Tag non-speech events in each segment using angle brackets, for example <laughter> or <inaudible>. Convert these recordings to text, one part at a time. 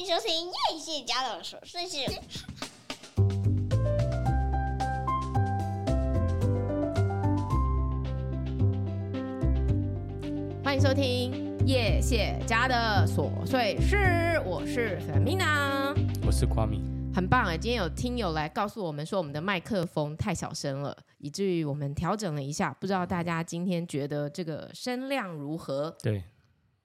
歡迎收聽葉謝家的瑣碎事。是是是，歡迎收聽葉謝家的瑣碎事，我是 Fermina，我是瓜米，很棒哎！今天有聽友來告訴我們說，我們的麥克風太小聲了，以至於我們調整了一下，不知道大家今天覺得這個聲量如何？對，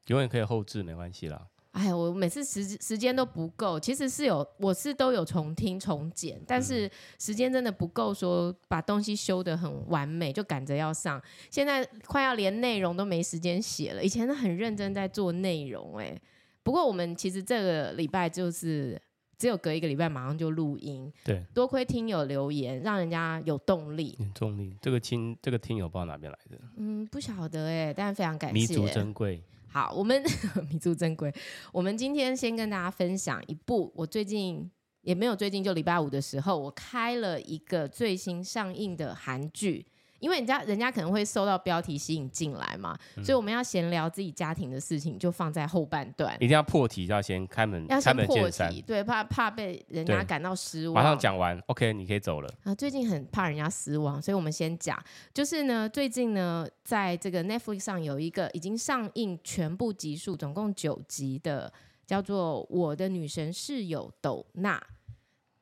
永遠可以後置，沒關係啦。哎呀，我每次時時間都不夠，其實是有，我是都有重聽重剪，但是時間真的不夠說，說把東西修得很完美，就趕着要上，現在快要連內容都沒時間寫了，以前都很認真在做內容、欸，哎，不過我們其實這個禮拜就是只有隔一個禮拜馬上就錄音，對，多虧聽友留言，讓人家有動力，動力，這個聽這個聽友報哪邊來的，嗯，不曉得哎、欸，但是非常感謝，彌足珍貴。好，我們彌足珍貴。我們今天先跟大家分享一部我最近，也沒有最近，就禮拜五的時候，我開了一個最新上映的韓劇。因為人家，人家可能會受到標題吸引進來嘛，嗯，所以我們要閒聊自己家庭的事情，就放在後半段。一定要破題，要先開門，要先破題，開門見山。對，怕怕被人家感到失望。馬上講完，OK，你可以走了。啊，最近很怕人家失望，所以我們先講。就是呢，最近呢，在這個 Netflix 上有一個已經上映全部集數，總共九集的，叫做《我的女神室友斗娜》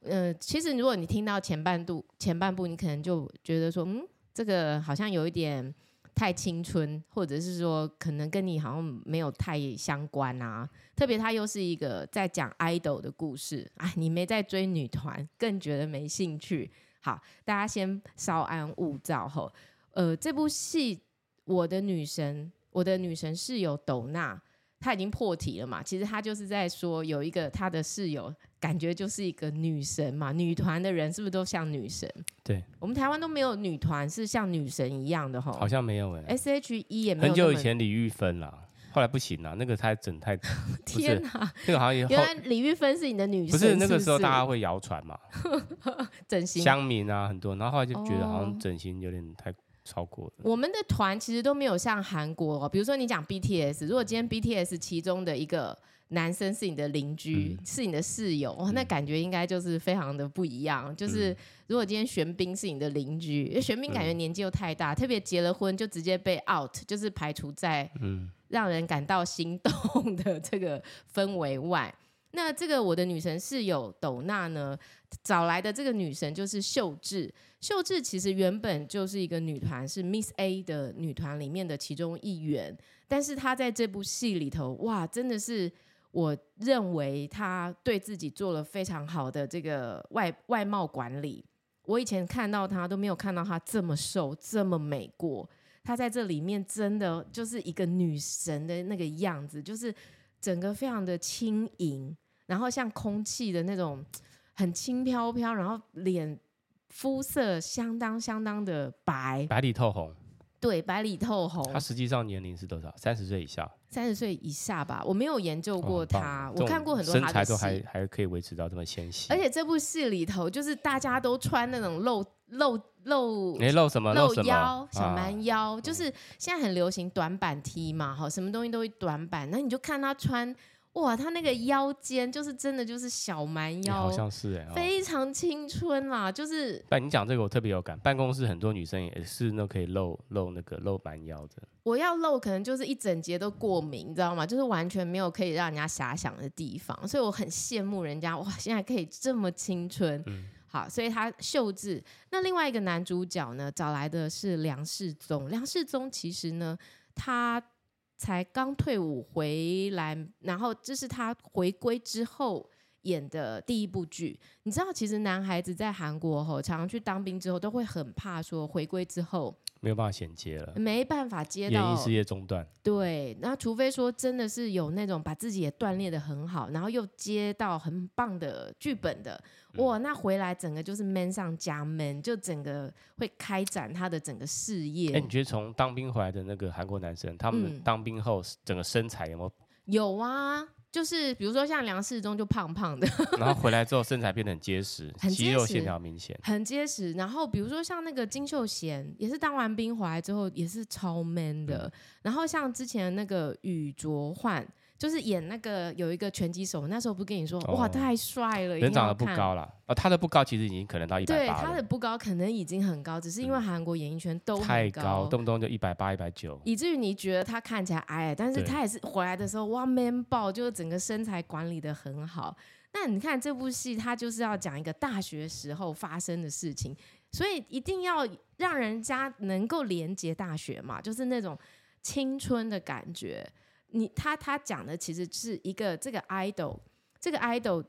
呃。其實如果你聽到前半度、前半部，你可能就覺得說，嗯。這個好像有一點太青春，或者是說可能跟你好像沒有太相關啊。特別它又是一個在講 idol 的故事。哎，你沒在追女團，更覺得沒興趣。好，大家先稍安勿躁吼。呃，這部戲《我的女神》，我的女神室友斗娜。她已經破題了嘛，其實她就是在說有一個他的室友，感覺就是一個女神嘛。女團的人是不是都像女神？對，我們台灣都沒有女團是像女神一樣的齁，好像沒有哎、欸。S H E 也沒有。很久以前李玉芬了，後來不行了，那個太整太， <laughs> 天吶、啊。這、那個好像原來李玉芬是你的女神，不是，不是那個時候大家會謠傳嘛， <laughs> 整形鄉嗎民啊很多，然後，後來就覺得好像整形有點太。超過的。我們的團其實都沒有像韓國、哦，比如說你講 BTS，如果今天 BTS 其中的一個男生是你的鄰居，嗯、是你的室友，哇、哦，那感覺應該就是非常的不一樣。就是如果今天玄彬是你的鄰居，因為玄彬感覺年紀又太大，嗯、特別結了婚就直接被 out，就是排除在讓人感到心動的這個氛圍外。那這個我的女神室友斗娜呢？找來的，這個女神就是秀智。秀智其實原本就是一個女團，是 Miss A 的女團裡面的其中一員。但是她在這部戲裡頭，哇，真的是我認為她對自己做了非常好的這個外外貌管理。我以前看到她都沒有看到她這麼瘦這麼美過。她在這裡面真的就是一個女神的那個樣子，就是整個非常的輕盈。然後像空氣的那種，很輕飄飄，然後臉膚色相當相當的白，白裡透紅，對，白裡透紅。他實際上年齡是多少？三十歲以下，三十歲以下吧。我沒有研究過他，哦、我看過很多。身材都還還，還可以維持到這麼纖細。而且這部戲裡頭，就是大家都穿那種露露露，沒露，露什麼，露腰露小蠻腰，啊、就是現在很流行短版 T 嘛，哈，什麼東西都會短版。那你就看他穿。哇，他那個腰間就是真的就是小蠻腰、欸，好像是哎、欸、哦、非常青春啦，就是。哎，你講這個我特別有感，辦公室很多女生也是那可以露露那個露蠻腰的。我要露可能就是一整截都過敏，你知道嗎？就是完全沒有可以讓人家遐想的地方，所以我很羨慕人家，哇，現在可以這麼青春。嗯，好，所以他秀智。那另外一個男主角呢，找來的是梁世宗。梁世宗其實呢，他。才剛退伍回來，然後這是他回歸之後演的第一部劇。你知道，其實男孩子在韓國哈、哦，常常去當兵之後，都會很怕說回歸之後。沒有辦法銜接了。沒辦法接到演藝事業中斷。對，那除非說真的是有那種把自己也鍛鍊得很好，然後又接到很棒的劇本的，嗯、哇，那回來整個就是 man 上加 man，就整個會開展他的整個事業。哎、欸，你覺得從當兵回來的那個韓國男生，他們當兵後整個身材有沒有？嗯、有啊。就是比如說像梁世宗就胖胖的，然後回來之後身材變得很結實， <laughs> 結實，肌肉線條明顯，很結實。然後比如說像那個金秀賢，也是當完兵回來之後也是超 man 的。嗯，然後像之前那個禹棹煥。就是演那個有一個拳擊手，那時候不跟你說，哇，太帥了！哦、人長得不高了啊、哦，他的不高其實已經可能到一百八。對他的不高，可能已經很高，只是因為韓國演藝圈都太高，對動不動就一百八、一百九，以至於你覺得他看起來矮，但是他也是回來的時候對，哇，man 爆，就是整個身材管理的很好。那你看這部戲，他就是要講一個大學時候發生的事情，所以一定要讓人家能夠連接大學嘛，就是那種青春的感覺。你他他講的其實是一個這個 idol，這個 idol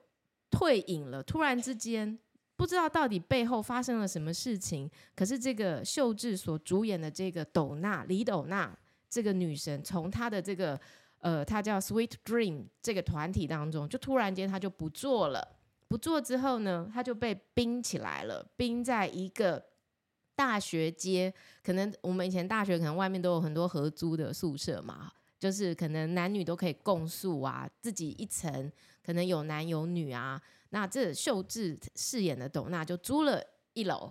退隱了，突然之間不知道到底背後發生了什麼事情。可是這個秀智所主演的這個斗娜李斗娜這個女神，從她的這個呃，她叫 Sweet Dream 這個團體當中，就突然間她就不做了，不做之後呢，她就被冰起來了，冰在一個大學街，可能我們以前大學可能外面都有很多合租的宿舍嘛。就是可能男女都可以共宿啊，自己一層可能有男有女啊。那這秀智飾演的斗娜就租了一樓，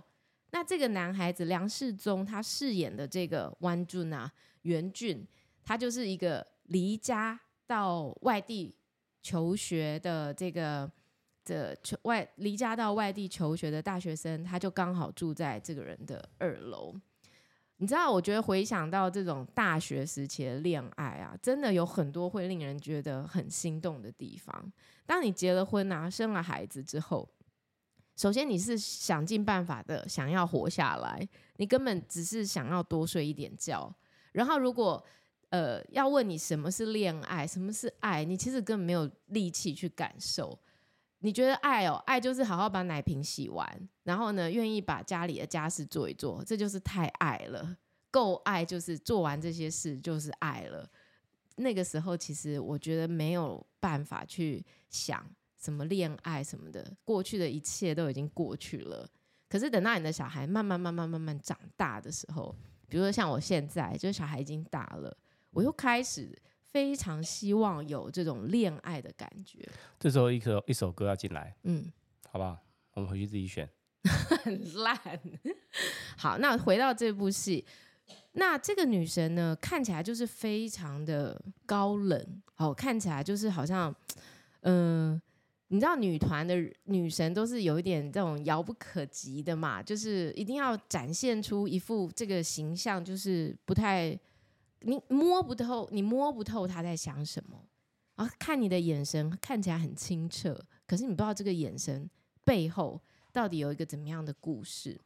那這個男孩子梁世宗他飾演的這個元俊啊，元俊，他就是一個離家到外地求學的這個的求外離家到外地求學的大學生，他就剛好住在這個人的二樓。你知道，我覺得回想到這種大學時期的戀愛啊，真的有很多會令人覺得很心動的地方。當你結了婚啊，生了孩子之後，首先你是想盡辦法的想要活下來，你根本只是想要多睡一點覺。然後，如果呃要問你什麼是戀愛，什麼是愛，你其實根本沒有力氣去感受。你覺得愛哦，愛就是好好把奶瓶洗完，然後呢，願意把家裡的家事做一做，這就是太愛了，夠愛就是做完這些事就是愛了。那個時候其實我覺得沒有辦法去想什麼戀愛什麼的，過去的一切都已經過去了。可是等到你的小孩慢慢慢慢慢慢長大的時候，比如說像我現在，就是小孩已經大了，我又開始。非常希望有這種戀愛的感覺。這時候一首一首歌要進來，嗯，好不好？我們回去自己選。很爛。好，那回到這部戲，那這個女神呢，看起來就是非常的高冷，好，看起來就是好像，嗯，你知道女團的女神都是有一點這種遙不可及的嘛，就是一定要展現出一副這個形象，就是不太。你摸不透，你摸不透他在想什麼，啊？看你的眼神看起來很清澈，可是你不知道這個眼神背後到底有一個怎麼樣的故事。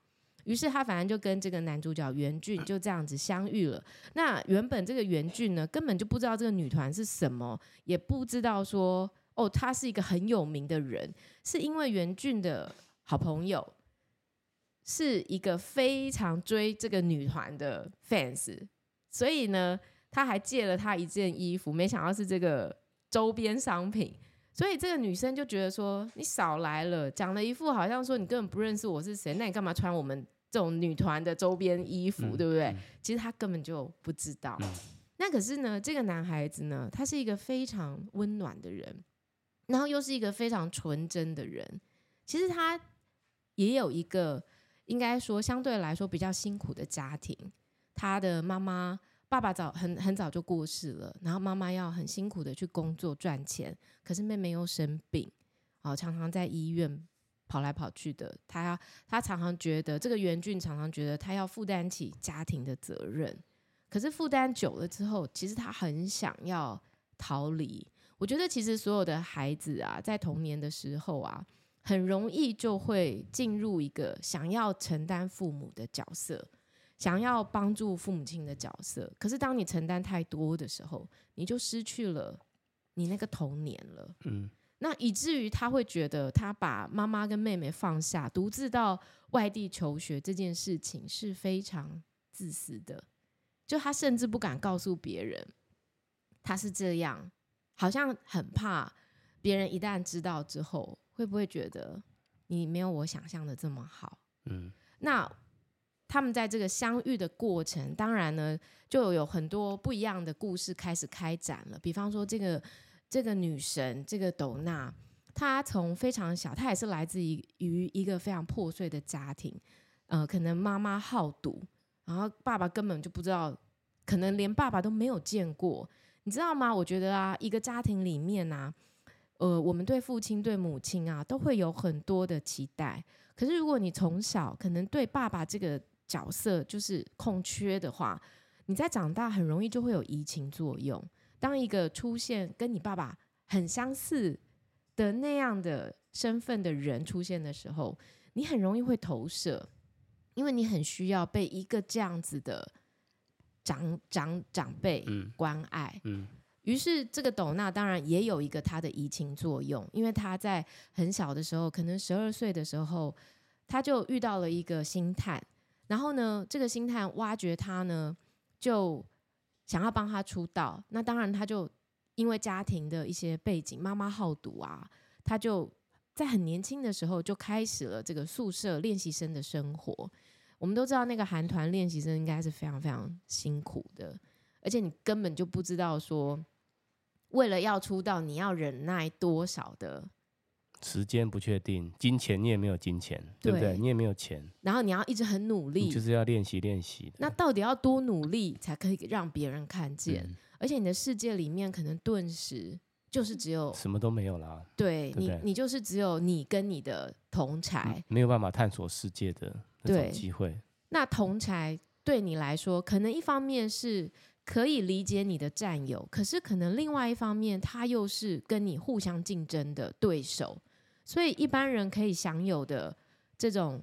於是他反而就跟這個男主角袁俊就這樣子相遇了。那原本這個袁俊呢，根本就不知道這個女團是什麼，也不知道說哦，他是一個很有名的人，是因為袁俊的好朋友是一個非常追這個女團的 fans。所以呢，他還借了他一件衣服，沒想到是這個周邊商品，所以這個女生就覺得說：“你少來了，講了一副好像說你根本不認識我是誰，那你幹嘛穿我們這種女團的周邊衣服，嗯、對不對？”嗯、其實他根本就不知道。嗯、那可是呢，這個男孩子呢，他是一個非常溫暖的人，然後又是一個非常純真的人。其實他也有一個應該說相對來說比較辛苦的家庭。他的媽媽、爸爸早很很早就過世了，然後媽媽要很辛苦的去工作賺錢，可是妹妹又生病，哦，常常在醫院跑來跑去的。他他常常覺得這個袁俊常常覺得他要負擔起家庭的責任，可是負擔久了之後，其實他很想要逃離。我覺得其實所有的孩子啊，在童年的時候啊，很容易就會進入一個想要承擔父母的角色。想要幫助父母親的角色，可是當你承擔太多的時候，你就失去了你那個童年了。嗯，那以至於他會覺得，他把媽媽跟妹妹放下，獨自到外地求學這件事情是非常自私的。就他甚至不敢告訴別人，他是這樣，好像很怕別人一旦知道之後，會不會覺得你沒有我想象的這麼好？嗯，那。他們在這個相遇的過程，當然呢，就有很多不一樣的故事開始開展了。比方說，這個這個女神，這個斗娜，她從非常小，她也是來自於於一個非常破碎的家庭。呃，可能媽媽好賭，然後爸爸根本就不知道，可能連爸爸都沒有見過。你知道嗎？我覺得啊，一個家庭裡面啊，呃，我們對父親、對母親啊，都會有很多的期待。可是如果你從小可能對爸爸這個角色就是空缺的話，你在長大很容易就會有移情作用。當一個出現跟你爸爸很相似的那樣的身份的人出現的時候，你很容易會投射，因為你很需要被一個這樣子的長長長輩關愛。嗯嗯、於是，這個斗娜當然也有一個他的移情作用，因為他在很小的時候，可能十二歲的時候，他就遇到了一個星探。然後呢，這個星探挖掘他呢，就想要幫他出道。那當然，他就因為家庭的一些背景，媽媽好賭啊，他就在很年輕的時候就開始了這個宿舍練習生的生活。我們都知道，那個韓團練習生應該是非常非常辛苦的，而且你根本就不知道說，為了要出道，你要忍耐多少的，時間不確定，金錢你也沒有金錢，對，對不對？你也沒有錢，然後你要一直很努力，你就是要練習練習。那到底要多努力才可以讓別人看見？嗯、而且你的世界裡面可能頓時就是只有什麼都沒有啦。對、對、對你，你就是只有你跟你的同儕，嗯，沒有辦法探索世界的那種機會。那同儕對你來說，可能一方面是可以理解你的戰友，可是可能另外一方面，他又是跟你互相競爭的對手。所以一般人可以享有的這種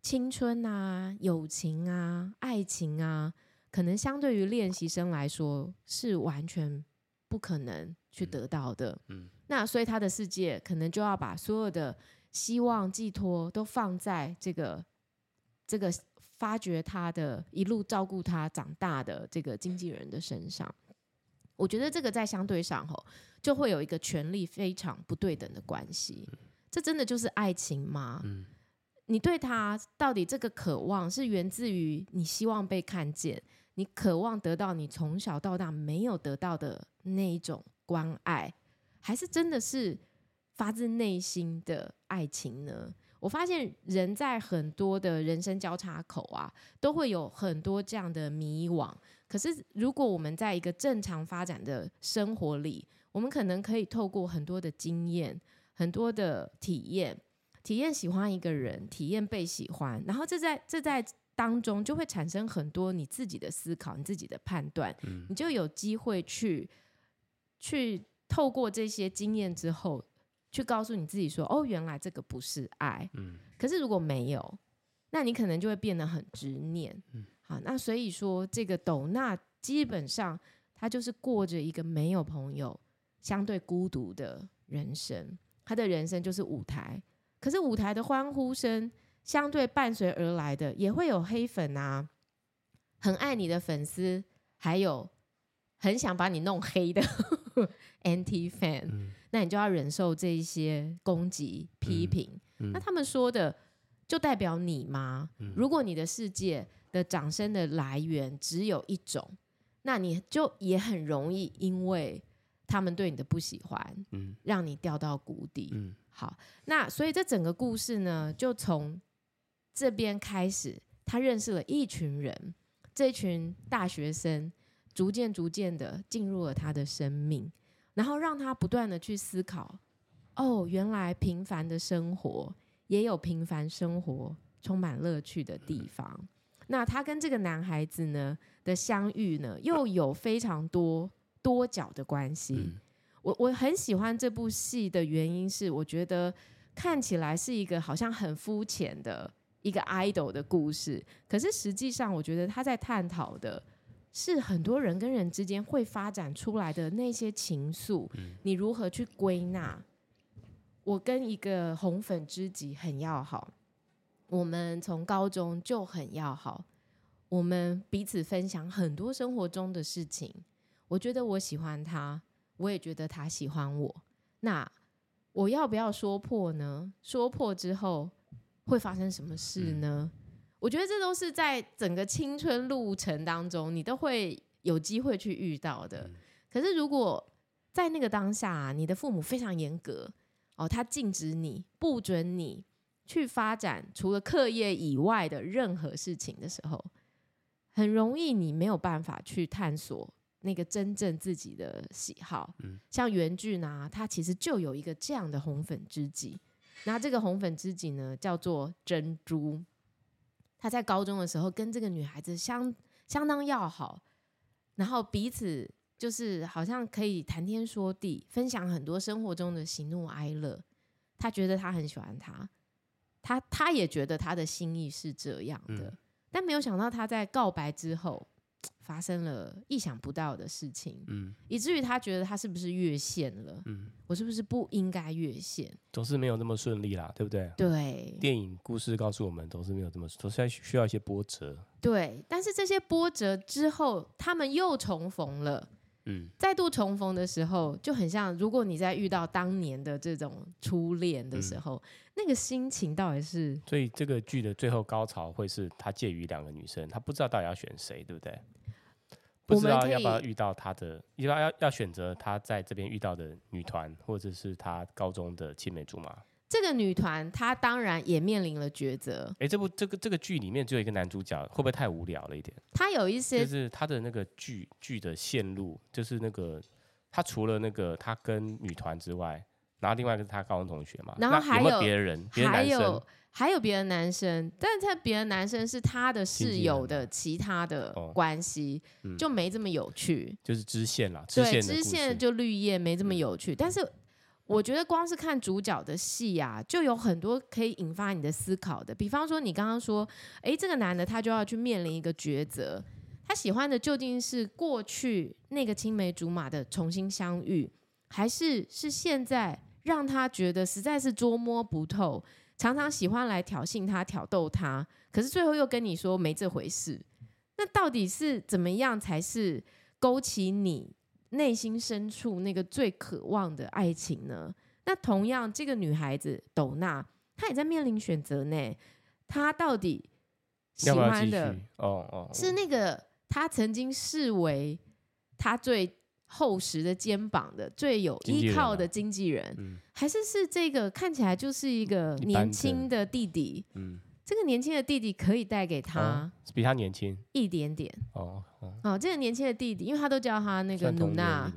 青春啊、友情啊、愛情啊，可能相對於練習生來說是完全不可能去得到的。嗯，那所以他的世界可能就要把所有的希望、寄託都放在這個這個發掘他的、一路照顧他長大的這個經紀人的身上。我覺得這個在相對上吼，就會有一個權力非常不對等的關係。這真的就是愛情嗎？嗯，你對他到底這個渴望是源自於你希望被看見，你渴望得到你從小到大沒有得到的那一種關愛，還是真的是發自內心的愛情呢？我發現人在很多的人生交叉口啊，都會有很多這樣的迷惘。可是如果我們在一個正常發展的生活裡，我們可能可以透過很多的經驗。很多的體驗，體驗喜歡一個人，體驗被喜歡，然後這在這在當中就會產生很多你自己的思考，你自己的判斷，嗯，你就有機會去去透過這些經驗之後，去告訴你自己說：“哦，原來這個不是愛。”嗯，可是如果沒有，那你可能就會變得很執念。嗯，好，那所以說，這個斗娜基本上她就是過着一個沒有朋友、相對孤獨的人生。他的人生就是舞台，可是舞台的歡呼聲相對伴隨而來的，也會有黑粉啊，很愛你的粉絲，還有很想把你弄黑的 anti fan，嗯、那你就要忍受這一些攻擊、批評。嗯嗯、那他們說的就代表你嗎？如果你的世界的掌聲的來源只有一種，那你就也很容易因為，他們對你的不喜歡，嗯，讓你掉到谷底，嗯，好，那所以這整個故事呢，就從這邊開始，他認識了一群人，這群大學生逐漸逐漸的進入了他的生命，然後讓他不斷的去思考，哦，原來平凡的生活也有平凡生活充滿樂趣的地方。嗯，那他跟這個男孩子呢的相遇呢，又有非常多。多角的關係。嗯，我我很喜歡這部戲的原因是，我覺得看起來是一個好像很膚淺的一個 idol 的故事，可是實際上，我覺得他在探討的是很多人跟人之間會發展出來的那些情愫，你如何去歸納？我跟一個紅粉知己很要好，我們從高中就很要好，我們彼此分享很多生活中的事情。我覺得我喜歡他，我也覺得他喜歡我。那我要不要說破呢？說破之後會發生什麼事呢？嗯，我覺得這都是在整個青春路程當中，你都會有機會去遇到的。可是如果在那個當下啊，你的父母非常嚴格哦，他禁止你，不准你去發展除了課業以外的任何事情的時候，很容易你沒有辦法去探索。那個真正自己的喜好，嗯，像原劇呢，它其實就有一個這樣的紅粉知己，那這個紅粉知己呢叫做珍珠，他在高中的時候跟這個女孩子相相當要好，然後彼此就是好像可以談天說地，分享很多生活中的喜怒哀樂，他覺得他很喜歡她，他他也覺得他的心意是這樣的，嗯，但沒有想到他在告白之後。發生了意想不到的事情，嗯，以至於他覺得他是不是越線了，嗯，我是不是不應該越線？總是沒有那麼順利啦，對不對？對，電影故事告訴我們，總是沒有這麼，總是需要一些波折。對，但是這些波折之後，他們又重逢了。嗯，再度重逢的時候就很像，如果你在遇到當年的這種初戀的時候，嗯，那個心情到底是……所以這個劇的最後高潮會是，他介於兩個女生，他不知道到底要選誰，對不對？不知道要不要遇到他的，要要要選擇他在這邊遇到的女團，或者是他高中的青梅竹馬。這個女團，她當然也面臨了抉擇。哎，這部這個這個劇裡面只有一個男主角，會不會太無聊了一點？他有一些，就是他的那個劇劇的線路，就是那個他除了那個他跟女團之外，然後另外一個是他高中同學嘛。然後還有，有，有別人，還有，別還，有還有別的男生，但是他別的男生是他的室友的其他的關係，哦嗯、就沒這麼有趣。就是支線啦，線對，支線就綠葉沒這麼有趣，嗯、但是。我覺得光是看主角的戲啊，就有很多可以引發你的思考的。比方說，你剛剛說，誒，這個男的他就要去面臨一個抉擇，他喜歡的究竟是過去那個青梅竹馬的重新相遇，還是是現在讓他覺得實在是捉摸不透，常常喜歡來挑釁他、挑逗他，可是最後又跟你說沒這回事。那到底是怎麼樣才是勾起你？內心深處那個最渴望的愛情呢？那同樣，這個女孩子斗娜，她也在面臨選擇呢。她到底喜歡的是那個她曾經視為她最厚實的肩膀的、最有依靠的經紀人，還是是這個看起來就是一個年輕的弟弟？嗯。這個年輕的弟弟可以帶給他一點點、啊、比他年輕一點點哦哦。這個年輕的弟弟，因為他都叫他那個努娜，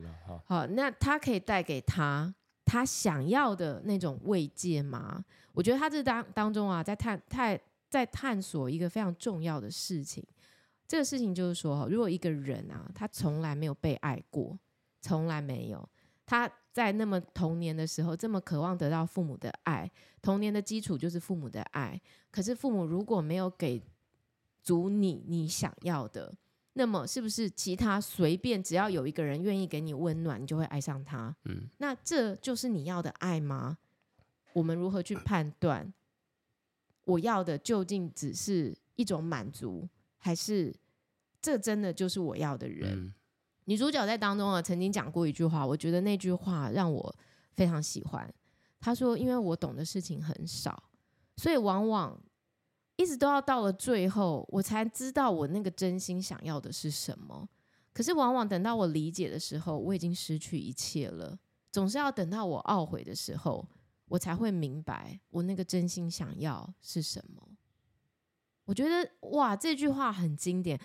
好、啊，那他可以帶給他他想要的那種慰藉嗎？我覺得他這當當中啊，在探探在探索一個非常重要的事情。這個事情就是說，如果一個人啊，他從來沒有被愛過，從來沒有。他在那麼童年的時候，這麼渴望得到父母的愛。童年的基礎就是父母的愛。可是父母如果沒有給足你你想要的，那麼是不是其他隨便只要有一個人願意給你溫暖，你就會愛上他？嗯，那這就是你要的愛嗎？我們如何去判斷？我要的究竟只是一種滿足，還是這真的就是我要的人？嗯。女主角在當中啊，曾經講過一句話，我覺得那句話讓我非常喜歡。她說：“因為我懂的事情很少，所以往往一直都要到了最後，我才知道我那個真心想要的是什麼。可是往往等到我理解的時候，我已經失去一切了。總是要等到我懊悔的時候，我才會明白我那個真心想要是什麼。”我覺得哇，這句話很經典。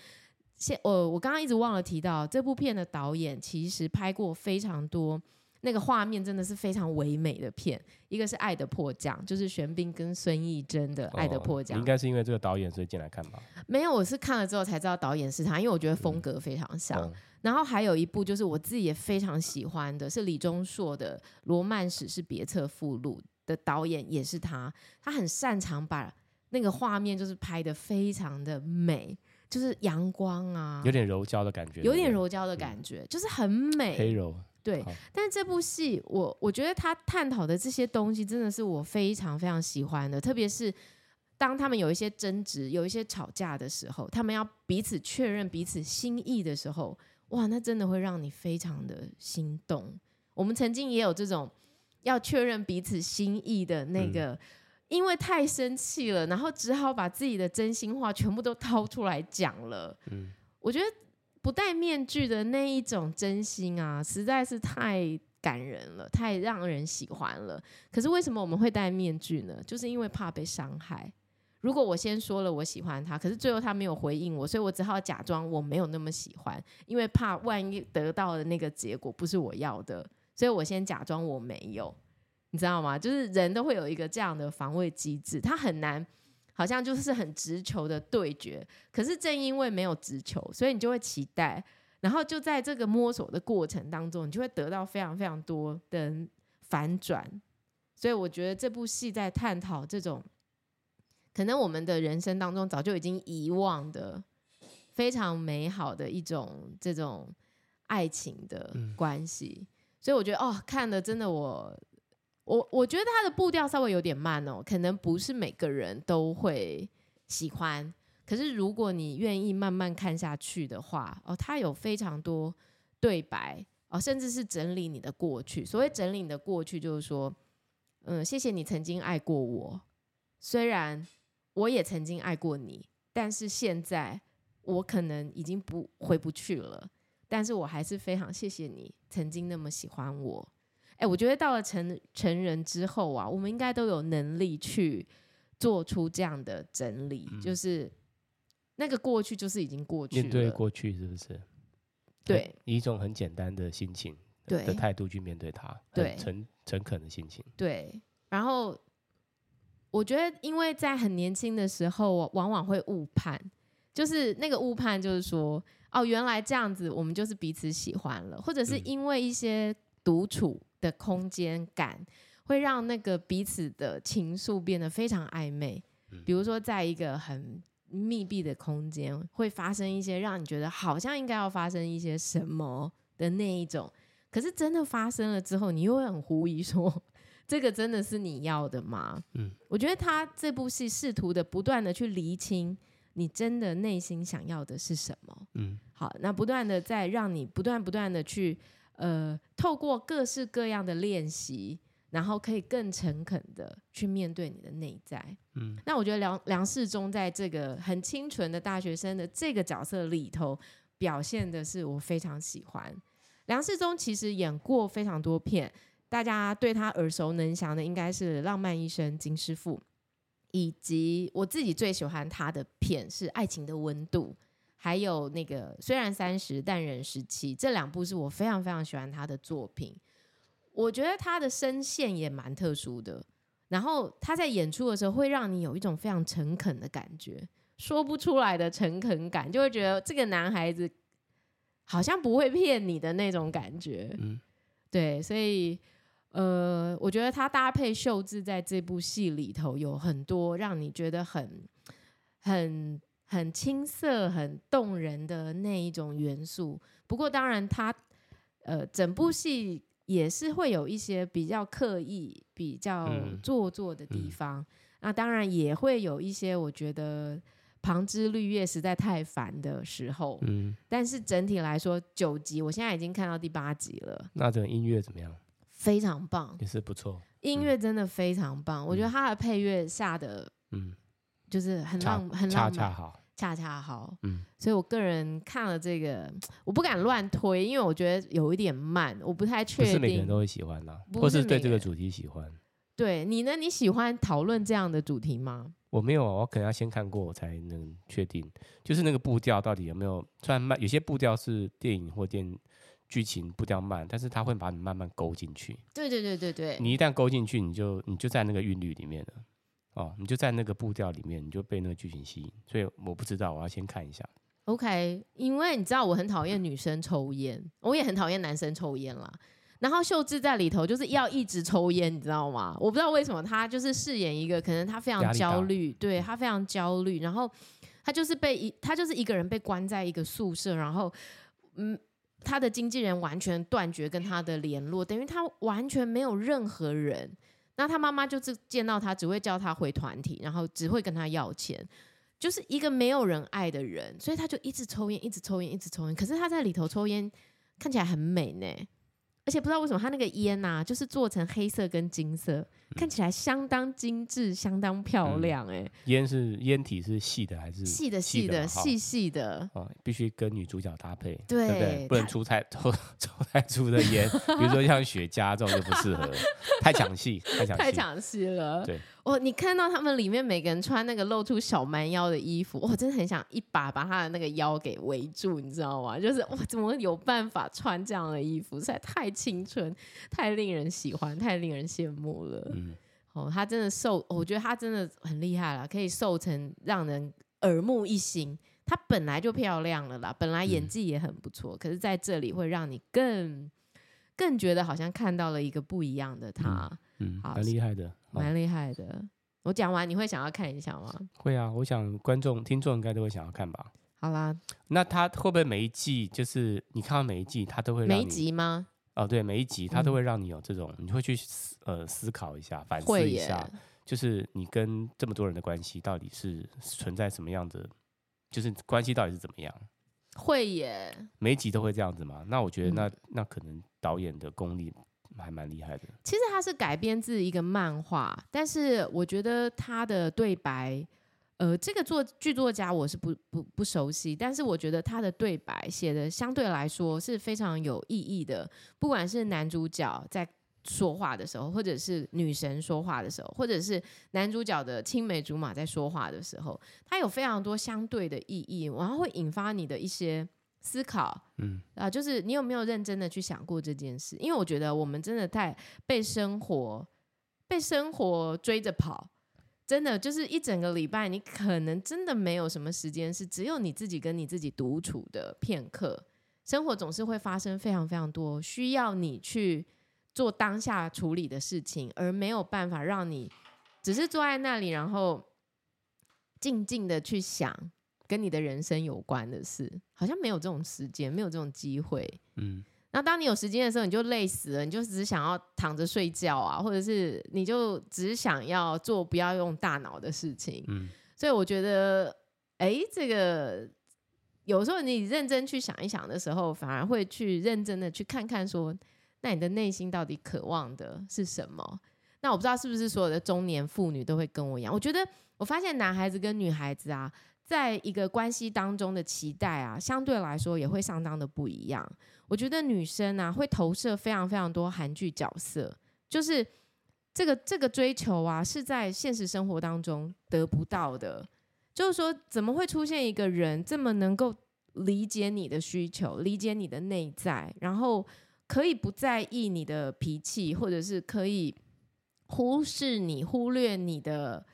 現、哦、我我剛剛一直忘了提到，這部片的導演其實拍過非常多，那個畫面真的是非常唯美的片。一個是《愛的迫降》，就是玄彬跟孫藝珍的《愛的迫降》哦。應該是因為這個導演，所以進來看吧？沒有，我是看了之後才知道導演是他，因為我覺得風格非常像。嗯哦、然後還有一部就是我自己也非常喜歡的，是李鍾碩的《羅曼史是別冊附錄》的導演也是他，他很擅長把那個畫面就是拍得非常的美。就是陽光啊，有點，對對，有點柔焦的感覺，有點柔焦的感覺，就是很美。黑柔對，好，但這部戲我我覺得他探討的這些東西真的是我非常非常喜歡的，特別是當他們有一些爭執、有一些吵架的時候，他們要彼此確認彼此心意的時候，哇，那真的會讓你非常的心動。我們曾經也有這種要確認彼此心意的那個。嗯因為太生氣了，然後只好把自己的真心話全部都掏出來講了。嗯，我覺得不戴面具的那一種真心啊，實在是太感人了，太讓人喜歡了。可是為什麼我們會戴面具呢？就是因為怕被傷害。如果我先說了我喜歡他，可是最後他沒有回應我，所以我只好假裝我沒有那麼喜歡，因為怕萬一得到的那個結果不是我要的，所以我先假裝我沒有。你知道嗎？就是人都會有一個這樣的防衛機制，他很難，好像就是很直球的對決。可是，正因為沒有直球，所以你就會期待，然後就在這個摸索的過程當中，你就會得到非常非常多的人反轉。所以我覺得這部戲在探討這種，可能我們的人生當中早就已經遺忘的非常美好的一種這種愛情的關係。嗯、所以我覺得哦，看的真的我。我我覺得他的步調稍微有點慢哦，可能不是每個人都會喜歡。可是如果你願意慢慢看下去的話，哦，他有非常多對白哦，甚至是整理你的過去。所謂整理你的過去，就是說，嗯，謝謝你曾經愛過我，雖然我也曾經愛過你，但是現在我可能已經不回不去了，但是我還是非常謝謝你曾經那麼喜歡我。哎，我覺得到了成成人之後啊，我們應該都有能力去做出這樣的整理，嗯、就是那個過去就是已經過去了，面對過去是不是？對、嗯，以一種很簡單的心情的、對的態度去面對它，很誠、對，誠誠懇的心情。對，然後我覺得，因為在很年輕的時候，往往會誤判，就是那個誤判，就是說，哦，原來這樣子，我們就是彼此喜歡了，或者是因為一些獨處。的空間感會讓那個彼此的情愫變得非常曖昧。嗯。比如說，在一個很密閉的空間，會發生一些讓你覺得好像應該要發生一些什麼的那一種。可是真的發生了之後，你又會很狐疑，說這個真的是你要的嗎？嗯。我覺得他這部戲試圖的不斷的去釐清你真的內心想要的是什麼。嗯。好，那不斷的在讓你不斷不斷的去。呃，透過各式各樣的練習，然後可以更誠懇的去面對你的內在。嗯，那我覺得梁梁世宗在這個很清純的大學生的這個角色裡頭表現的是我非常喜歡。梁世宗其實演過非常多片，大家對他耳熟能詳的應該是《浪漫醫生金師傅》，以及我自己最喜歡他的片是《愛情的溫度》。還有那個雖然三十但人十七，這兩部是我非常非常喜歡他的作品。我覺得他的聲線也蠻特殊的，然後他在演出的時候會讓你有一種非常誠懇的感覺，說不出來的誠懇感，就會覺得這個男孩子好像不會騙你的那種感覺。嗯，對，所以呃，我覺得他搭配秀智在這部戲裡頭有很多讓你覺得很很。很青澀、很動人的那一種元素，不過當然他呃，整部戲也是會有一些比較刻意、比較做作的地方。嗯嗯、那當然也會有一些我覺得旁枝綠葉實在太煩的時候。嗯。但是整體來說，九集我現在已經看到第八集了。那這個音樂怎麼樣？非常棒，也是不錯。音樂真的非常棒，嗯、我覺得他的配樂下得，嗯，就是很浪，很浪漫，恰好。恰恰好，嗯，所以我個人看了這個，我不敢亂推，因為我覺得有一點慢，我不太確定。不是每個人都會喜歡啦，是或是對這個主題喜歡。對你呢？你喜歡討論這樣的主題嗎？我沒有，我可能要先看過我才能確定，就是那個步調到底有沒有。雖然慢，有些步調是電影或電劇情步調慢，但是它會把你慢慢勾進去。對，對對對對對，你一旦勾進去，你就你就在那個韻律裡面了。哦，oh, 你就在那個步調裡面，你就被那個劇情吸引，所以我不知道，我要先看一下。OK，因為你知道我很討厭女生抽煙，嗯、我也很討厭男生抽煙啦。然後秀智在裡頭就是要一直抽煙，你知道嗎？我不知道為什麼，他就是飾演一個，可能他非常焦慮，對，他非常焦慮，然後他就是被一，他就是一個人被關在一個宿舍，然後嗯，他的經紀人完全斷絕跟他的聯絡，等於他完全沒有任何人。那他媽媽就是見到他只會叫他回團體，然後只會跟他要錢，就是一個沒有人愛的人，所以他就一直抽煙，一直抽煙，一直抽煙。可是他在裡頭抽煙看起來很美呢，而且不知道為什麼他那個煙吶、啊，就是做成黑色跟金色。看起來相當精緻，相當漂亮哎。煙是煙體是細的還是細的？細的，細細的。必須跟女主角搭配，對不對？不能出太抽太粗的煙，比如說像雪茄這種就不適合，太搶戲，太搶戲，太搶戲了。對，哦，你看到他們裡面每個人穿那個露出小蠻腰的衣服，我真的很想一把把他的那個腰給圍住，你知道嗎？就是哇，怎麼有辦法穿這樣的衣服？實在太青春，太令人喜歡，太令人羨慕了。嗯，哦，他真的瘦，我覺得他真的很厲害了，可以瘦成讓人耳目一新。他本來就漂亮了啦，本來演技也很不錯，嗯，可是在這裡會讓你更更覺得好像看到了一個不一樣的他。嗯，嗯，好，蠻厲害的，蠻厲害的。我講完你會想要看一下嗎？會啊，我想觀眾聽眾應該都會想要看吧。好啦，那他會不會每一季就是你看到每一季他都會每一集嗎？哦，對，每一集他都會讓你有這種，嗯、你會去思呃思考一下，反思一下，也就是你跟這麼多人的關係到底是存在什麼樣的，就是關係到底是怎麼樣。會耶也！每一集都會這樣子嗎？那我覺得那、嗯、那可能導演的功力還蠻厲害的。其實他是改編自一個漫畫，但是我覺得他的對白。呃，這個作劇作家，我是不不不熟悉，但是我覺得他的對白寫的相對來說是非常有意義的。不管是男主角在說話的時候，或者是女神說話的時候，或者是男主角的青梅竹馬在說話的時候，他有非常多相對的意義，然後會引發你的一些思考。嗯，啊、呃，就是你有沒有認真的去想過這件事？因為我覺得我們真的太被生活被生活追着跑。真的就是一整個禮拜，你可能真的沒有什麼時間是只有你自己跟你自己獨處的片刻。生活總是會發生非常非常多需要你去做當下處理的事情，而沒有辦法讓你只是坐在那裡，然後靜靜的去想跟你的人生有關的事。好像沒有這種時間，沒有這種機會。嗯。那當你有時間的時候，你就累死了，你就只想要躺着睡覺啊，或者是你就只想要做不要用大腦的事情。嗯，所以我覺得，哎，欸，這個有時候你認真去想一想的時候，反而會去認真的去看看說，那你的內心到底渴望的是什麼？那我不知道是不是所有的中年婦女都會跟我一樣，我覺得我發現男孩子跟女孩子啊。在一個關係當中的期待啊，相對來說也會相當的不一樣。我覺得女生啊會投射非常非常多韓劇角色，就是這個這個追求啊是在現實生活當中得不到的。就是說，怎麼會出現一個人這麼能夠理解你的需求，理解你的內在，然後可以不在意你的脾氣，或者是可以忽視你、忽略你的？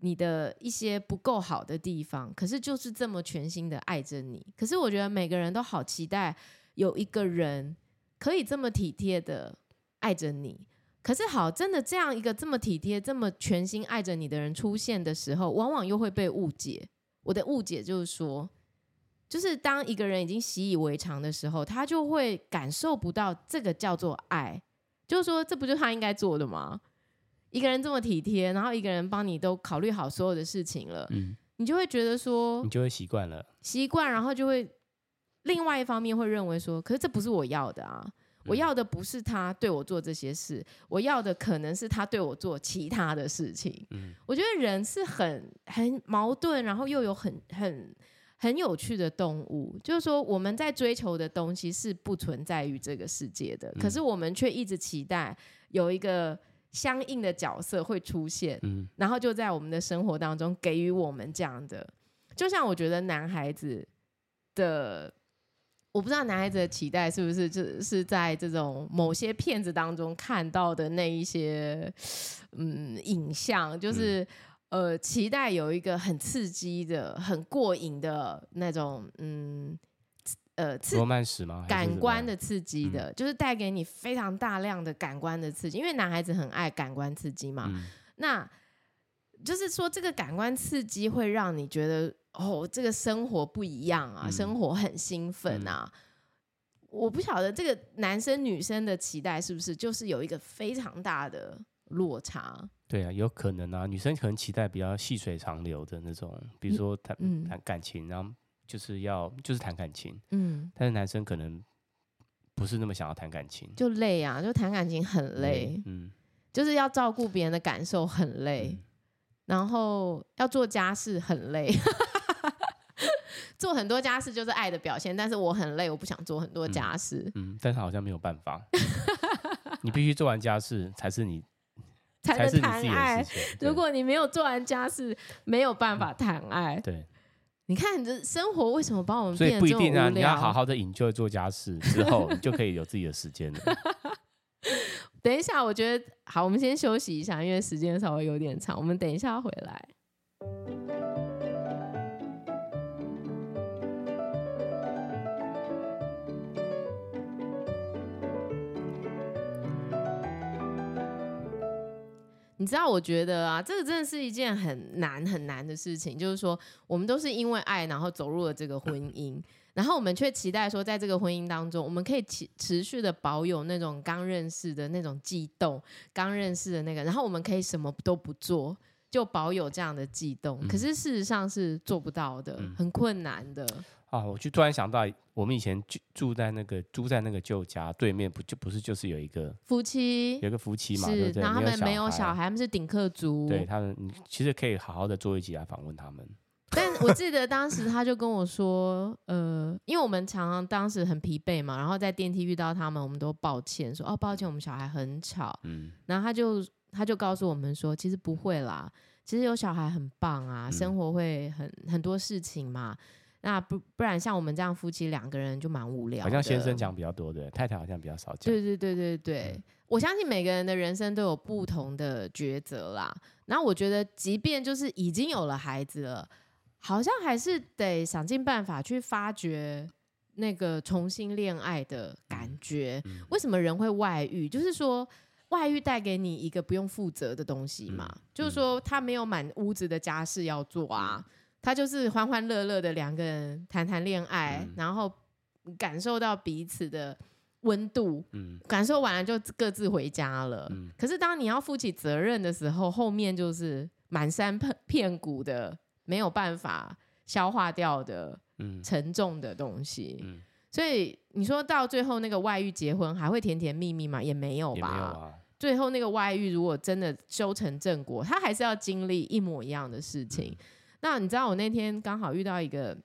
你的一些不夠好的地方，可是就是這麼全心的愛着你。可是我覺得每個人都好期待有一個人可以這麼體貼的愛着你。可是好，真的這樣一個這麼體貼、這麼全心愛着你的人出現的時候，往往又會被誤解。我的誤解就是說，就是當一個人已經習以為常的時候，他就會感受不到這個叫做愛。就是說，這不就是他應該做的嗎？一個人這麼體貼，然後一個人幫你都考慮好所有的事情了，嗯，你就會覺得說，你就會習慣了，習慣，然後就會另外一方面會認為說，可是這不是我要的啊，我要的不是他對我做這些事，嗯，我要的可能是他對我做其他的事情。嗯，我覺得人是很很矛盾，然後又有很很很有趣的動物，就是說我們在追求的東西是不存在於這個世界的，嗯，可是我們卻一直期待有一個。相應的角色會出現，嗯、然後就在我們的生活當中給予我們這樣的。就像我覺得男孩子的，我不知道男孩子的期待是不是就是是在這種某些片子當中看到的那一些，嗯，影像，就是、嗯、呃，期待有一個很刺激的、很過癮的那種，嗯。呃，刺感官的刺激的，嗯、就是帶給你非常大量的感官的刺激，因為男孩子很愛感官刺激嘛。嗯、那就是說，這個感官刺激會讓你覺得哦，這個生活不一樣啊，嗯、生活很興奮啊。嗯、我不曉得這個男生女生的期待是不是就是有一個非常大的落差？對啊，有可能啊，女生可能期待比較細水長流的那種，比如說談談、嗯、感情啊，啊就是要就是談感情，嗯，但是男生可能不是那麼想要談感情，就累啊，就談感情很累，嗯，嗯就是要照顧別人的感受很累，嗯、然後要做家事很累， <laughs> 做很多家事就是愛的表現，但是我很累，我不想做很多家事，嗯，嗯，但是好像沒有辦法， <laughs> 嗯、你必須做完家事才是你才，能才是談愛，如果你沒有做完家事，沒有辦法談愛、嗯，對。你看，你的生活為什麼把我們變得這麼無聊？所以不一定啊，你要好好的享受做家事之後，你就可以有自己的時間了。 <laughs> 等一下，我覺得好，我們先休息一下，因為時間稍微有點長。我們等一下回來。你知道，我覺得啊，這個真的是一件很難很難的事情。就是說，我們都是因為愛，然後走入了這個婚姻，然後我們卻期待說，在這個婚姻當中，我們可以持持續的保有那種剛認識的那種悸動，剛認識的那個，然後我們可以什麼都不做，就保有這樣的悸動。可是事實上是做不到的，很困難的。啊、哦！我就突然想到，我們以前住在，那個，住在那個住在那個舊家對面，不，不就不是就是有一個夫妻，有一個夫妻嘛，是，對對，然後他們沒有小孩，小孩他們是頂客族。對他們，你其實可以好好的做一集來訪問他們。嗯、但我記得當時他就跟我說，呃，因為我們常常當時很疲憊嘛，然後在電梯遇到他們，我們都抱歉說，哦，抱歉，我們小孩很吵。嗯，然後他就他就告訴我們說，其實不會啦，其實有小孩很棒啊，生活會很很多事情嘛。那不不然像我們這樣夫妻兩個人就蠻無聊的，好像先生講比較多的，太太好像比較少講。對對對對對，嗯、我相信每個人的人生都有不同的抉擇啦。那我覺得，即便就是已經有了孩子了，好像還是得想盡辦法去發掘那個重新戀愛的感覺。嗯、為什麼人會外遇？就是說，外遇帶給你一個不用負責的東西嘛。嗯、就是說，他沒有滿屋子的家事要做啊。嗯他就是歡歡樂樂的兩個人談談戀愛，嗯、然後感受到彼此的溫度，嗯、感受完了就各自回家了。嗯、可是當你要負起責任的時候，後面就是滿山遍谷的沒有辦法消化掉的、嗯、沉重的東西。嗯、所以你說到最後那個外遇結婚還會甜甜蜜蜜嗎？也沒有吧。有啊、最後那個外遇如果真的修成正果，他還是要經歷一模一樣的事情。嗯那你知道我那天剛好遇到一個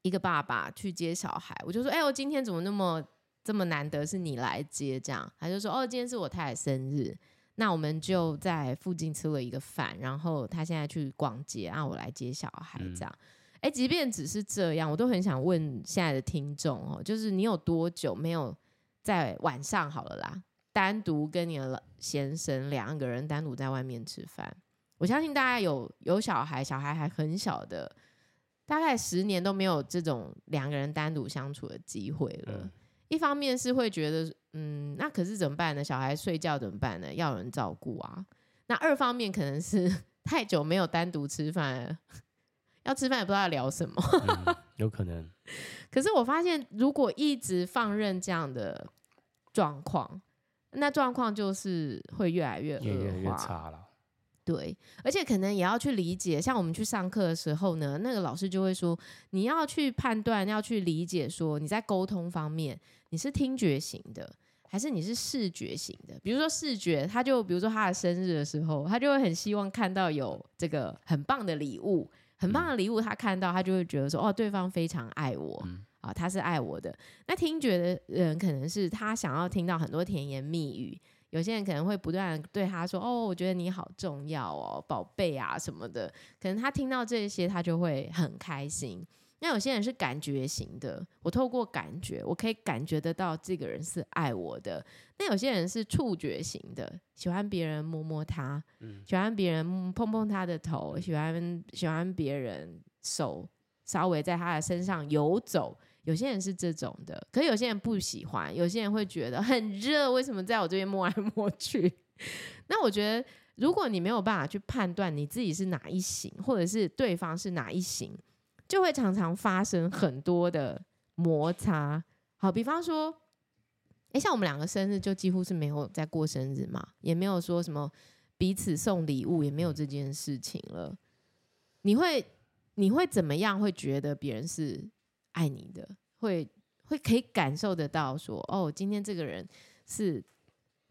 一個爸爸去接小孩，我就說，哎、欸，呦，今天怎麼那麼這麼難得是你來接這樣？他就說，哦，今天是我太太生日，那我們就在附近吃了一個飯，然後他現在去逛街，讓我來接小孩這樣。哎、嗯欸，即便只是這樣，我都很想問現在的聽眾哦，就是你有多久沒有在晚上好了啦，單獨跟你的先生兩個人單獨在外面吃飯？我相信大家有有小孩，小孩還很小的，大概十年都沒有這種兩個人單獨相處的機會了。嗯、一方面是會覺得，嗯，那可是怎麼辦呢？小孩睡覺怎麼辦呢？要有人照顧啊。那二方面可能是太久沒有單獨吃飯，要吃飯也不知道要聊什麼， <laughs> 嗯、有可能。可是我發現，如果一直放任這樣的狀況，那狀況就是會越來越惡化。越越越越差了。對，而且可能也要去理解，像我們去上課的時候呢，那個老師就會說，你要去判斷，要去理解說，說你在溝通方面你是聽覺型的，還是你是視覺型的。比如說視覺，他就比如說他的生日的時候，他就會很希望看到有這個很棒的禮物，嗯、很棒的禮物他看到，他就會覺得說，哦，對方非常愛我，嗯、啊，他是愛我的。那聽覺的人可能是他想要聽到很多甜言蜜語。有些人可能會不斷對他說：“哦，我覺得你好重要哦，寶貝啊什麼的。”可能他聽到這些，他就會很開心。那有些人是感覺型的，我透過感覺，我可以感覺得到這個人是愛我的。那有些人是觸覺型的，喜歡別人摸摸他，嗯、喜歡別人碰碰他的頭，喜歡喜歡別人手稍微在他的身上游走。有些人是這種的，可是有些人不喜歡，有些人會覺得很熱，為什麼在我這邊摸來摸去？那我覺得，如果你沒有辦法去判斷你自己是哪一型，或者是對方是哪一型，就會常常發生很多的摩擦。好，比方說，誒、欸，像我們兩個生日就幾乎是沒有在過生日嘛，也沒有說什麼彼此送禮物，也沒有這件事情了。你會，你會怎麼樣？會覺得別人是？愛你的會會可以感受得到說哦，今天這個人是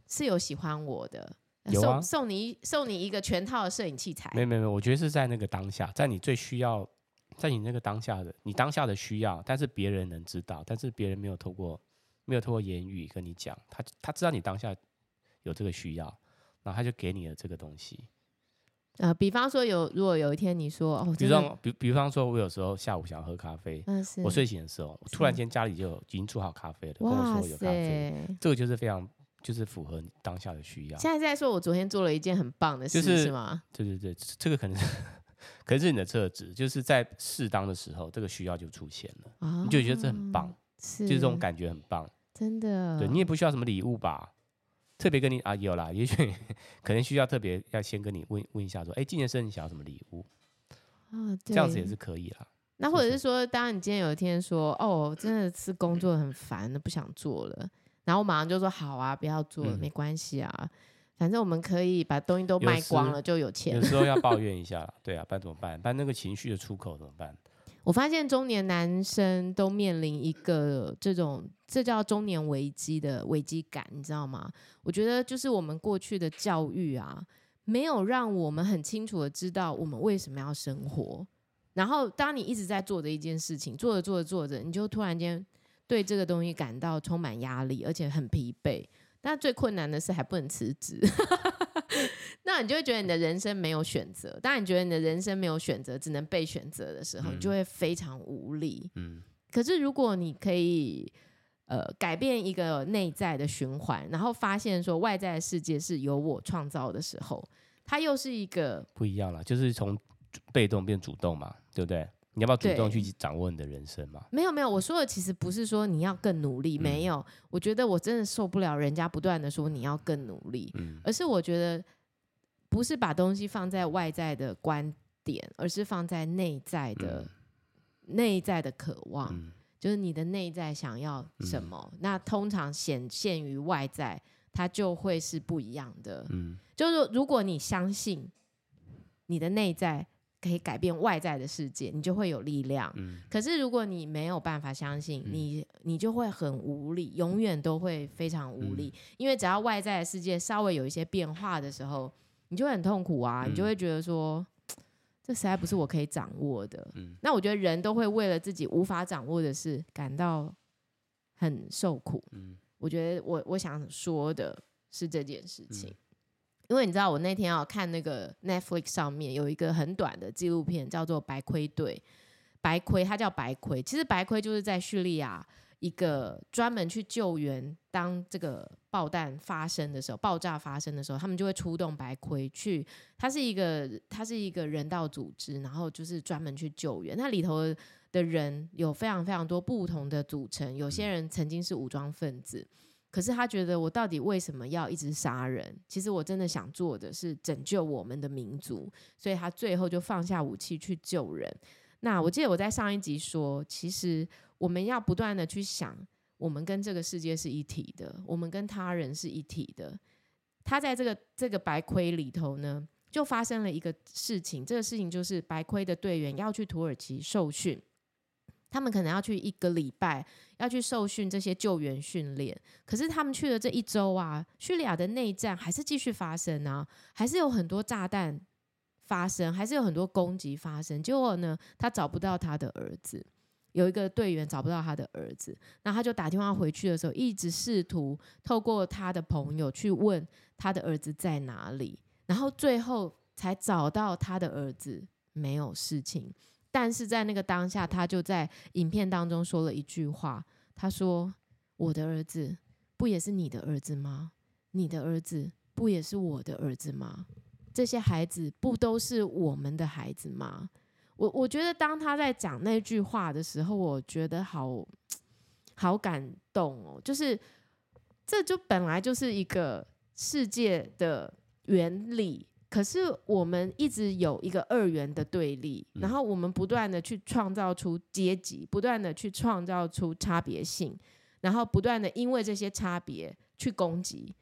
是有喜歡我的，送、啊、送你送你一個全套的攝影器材。沒沒沒，我覺得是在那個當下，在你最需要，在你那個當下的你當下的需要，但是別人能知道，但是別人沒有透過沒有透過言語跟你講，他他知道你當下有這個需要，然後他就給你了這個東西。啊、呃，比方說有，如果有一天你說，哦，比方，比比方說，我有時候下午想要喝咖啡，嗯、我睡醒的時候，是突然間家裡就已經煮好咖啡了，塞跟我說有咖啡，這個就是非常，就是符合你當下的需要。現在在說，我昨天做了一件很棒的事，情、就是。是嗎？對對對，這個可能是，可能是你的特質，就是在適當的時候，這個需要就出現了，哦、你就覺得這很棒，是，就是這種感覺很棒，真的。對你也不需要什麼禮物吧？特別跟你啊，有啦，也許可能需要特別要先跟你問問一下，說，哎、欸，今年生日你想要什麼禮物啊？哦、這樣子也是可以啦。那或者是說，當然你今天有一天說，哦，真的是工作很煩，那不想做了，然後我馬上就說，好啊，不要做了，嗯、沒關係啊，反正我們可以把東西都賣光了，有時就有錢了。有時候要抱怨一下，對啊，不然怎麼辦？不然 <laughs> 那個情緒的出口怎麼辦？我發現中年男生都面臨一個這種，這叫中年危機的危機感，你知道嗎？我覺得就是我們過去的教育啊，沒有讓我們很清楚的知道我們為什麼要生活。然後，當你一直在做着一件事情，做着做着做着，你就突然間對這個東西感到充滿壓力，而且很疲憊。但最困難的是還不能辭職。 <laughs> <laughs> 那你就會覺得你的人生沒有選擇，當你覺得你的人生沒有選擇，只能被選擇的時候，你就會非常無力。嗯，可是如果你可以呃改變一個內在的循環，然後發現說外在的世界是由我創造的時候，它又是一個不一樣了，就是從被動變主動嘛，對不對？你要不要主動去掌握你的人生嗎？沒有沒有，我說的其實不是說你要更努力，嗯、沒有。我覺得我真的受不了人家不斷的說你要更努力，嗯、而是我覺得不是把東西放在外在的觀點，而是放在內在的、嗯、內在的渴望，嗯、就是你的內在想要什麼，嗯、那通常顯現於外在，它就會是不一樣的。嗯、就是如果你相信你的內在。可以改變外在的世界，你就會有力量。嗯，可是如果你沒有辦法相信你，你就會很無力，永遠都會非常無力。嗯，因為只要外在的世界稍微有一些變化的時候，你就會很痛苦啊，你就會覺得說，嗯，這實在不是我可以掌握的。嗯，那我覺得人都會為了自己無法掌握的事感到很受苦。嗯，我覺得我我想說的是這件事情。嗯因為你知道，我那天啊看那個 Netflix 上面，有一個很短的紀錄片，叫做《白盔隊》。白盔，它叫白盔。其實白盔就是在敘利亞一個專門去救援，當這個爆彈發生的時候，爆炸發生的時候，他們就會出動白盔去。它是一個，它是一個人道組織，然後就是專門去救援。那裡頭的人有非常非常多不同的組成，有些人曾經是武裝分子。可是他覺得我到底為什麼要一直殺人？其實我真的想做的是拯救我們的民族，所以他最後就放下武器去救人。那我記得我在上一集說，其實我們要不斷的去想，我們跟這個世界是一體的，我們跟他人是一體的。他在這個這個白盔裡頭呢，就發生了一個事情，這個事情就是白盔的隊員要去土耳其受訓。他們可能要去一個禮拜，要去受訓這些救援訓練。可是他們去了這一周啊，敘利亞的內戰還是繼續發生啊，還是有很多炸彈發生，還是有很多攻擊發生。結果呢，他找不到他的兒子，有一個隊員找不到他的兒子，然後他就打電話回去的時候，一直試圖透過他的朋友去問他的兒子在哪裡，然後最後才找到他的兒子，沒有事情。但是在那個當下，他就在影片當中說了一句話，他說：“我的兒子不也是你的兒子嗎？你的兒子不也是我的兒子嗎？這些孩子不都是我們的孩子嗎？”我我覺得，當他在講那句話的時候，我覺得好好感動哦。就是這就本來就是一個世界的原理。可是我們一直有一個二元的對立，然後我們不斷的去創造出階級，不斷的去創造出差別性，然後不斷的因為這些差別去攻擊，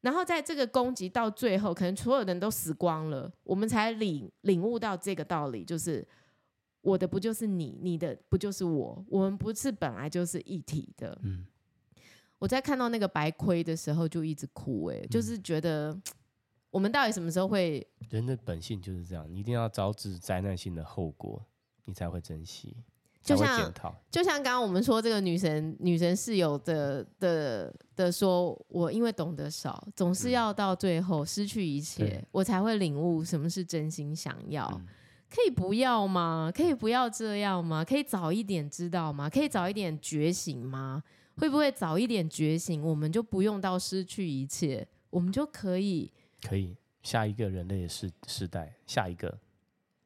然後在這個攻擊到最後，可能所有人都死光了，我們才領領悟到這個道理，就是我的不就是你，你的不就是我，我們不是本來就是一體的。嗯，我在看到那個白盔的時候就一直哭欸，誒，就是覺得。嗯我們到底什麼時候會？人的本性就是這樣，你一定要招致災難性的後果，你才會珍惜。就像就像剛剛我們說，這個女神女神室友的的的說，我因為懂得少，總是要到最後失去一切，嗯、我才會領悟什麼是真心想要。嗯、可以不要嗎？可以不要這樣嗎？可以早一點知道嗎？可以早一點覺醒嗎？會不會早一點覺醒，我們就不用到失去一切，我們就可以。可以，下一個人類的世時代，下一個，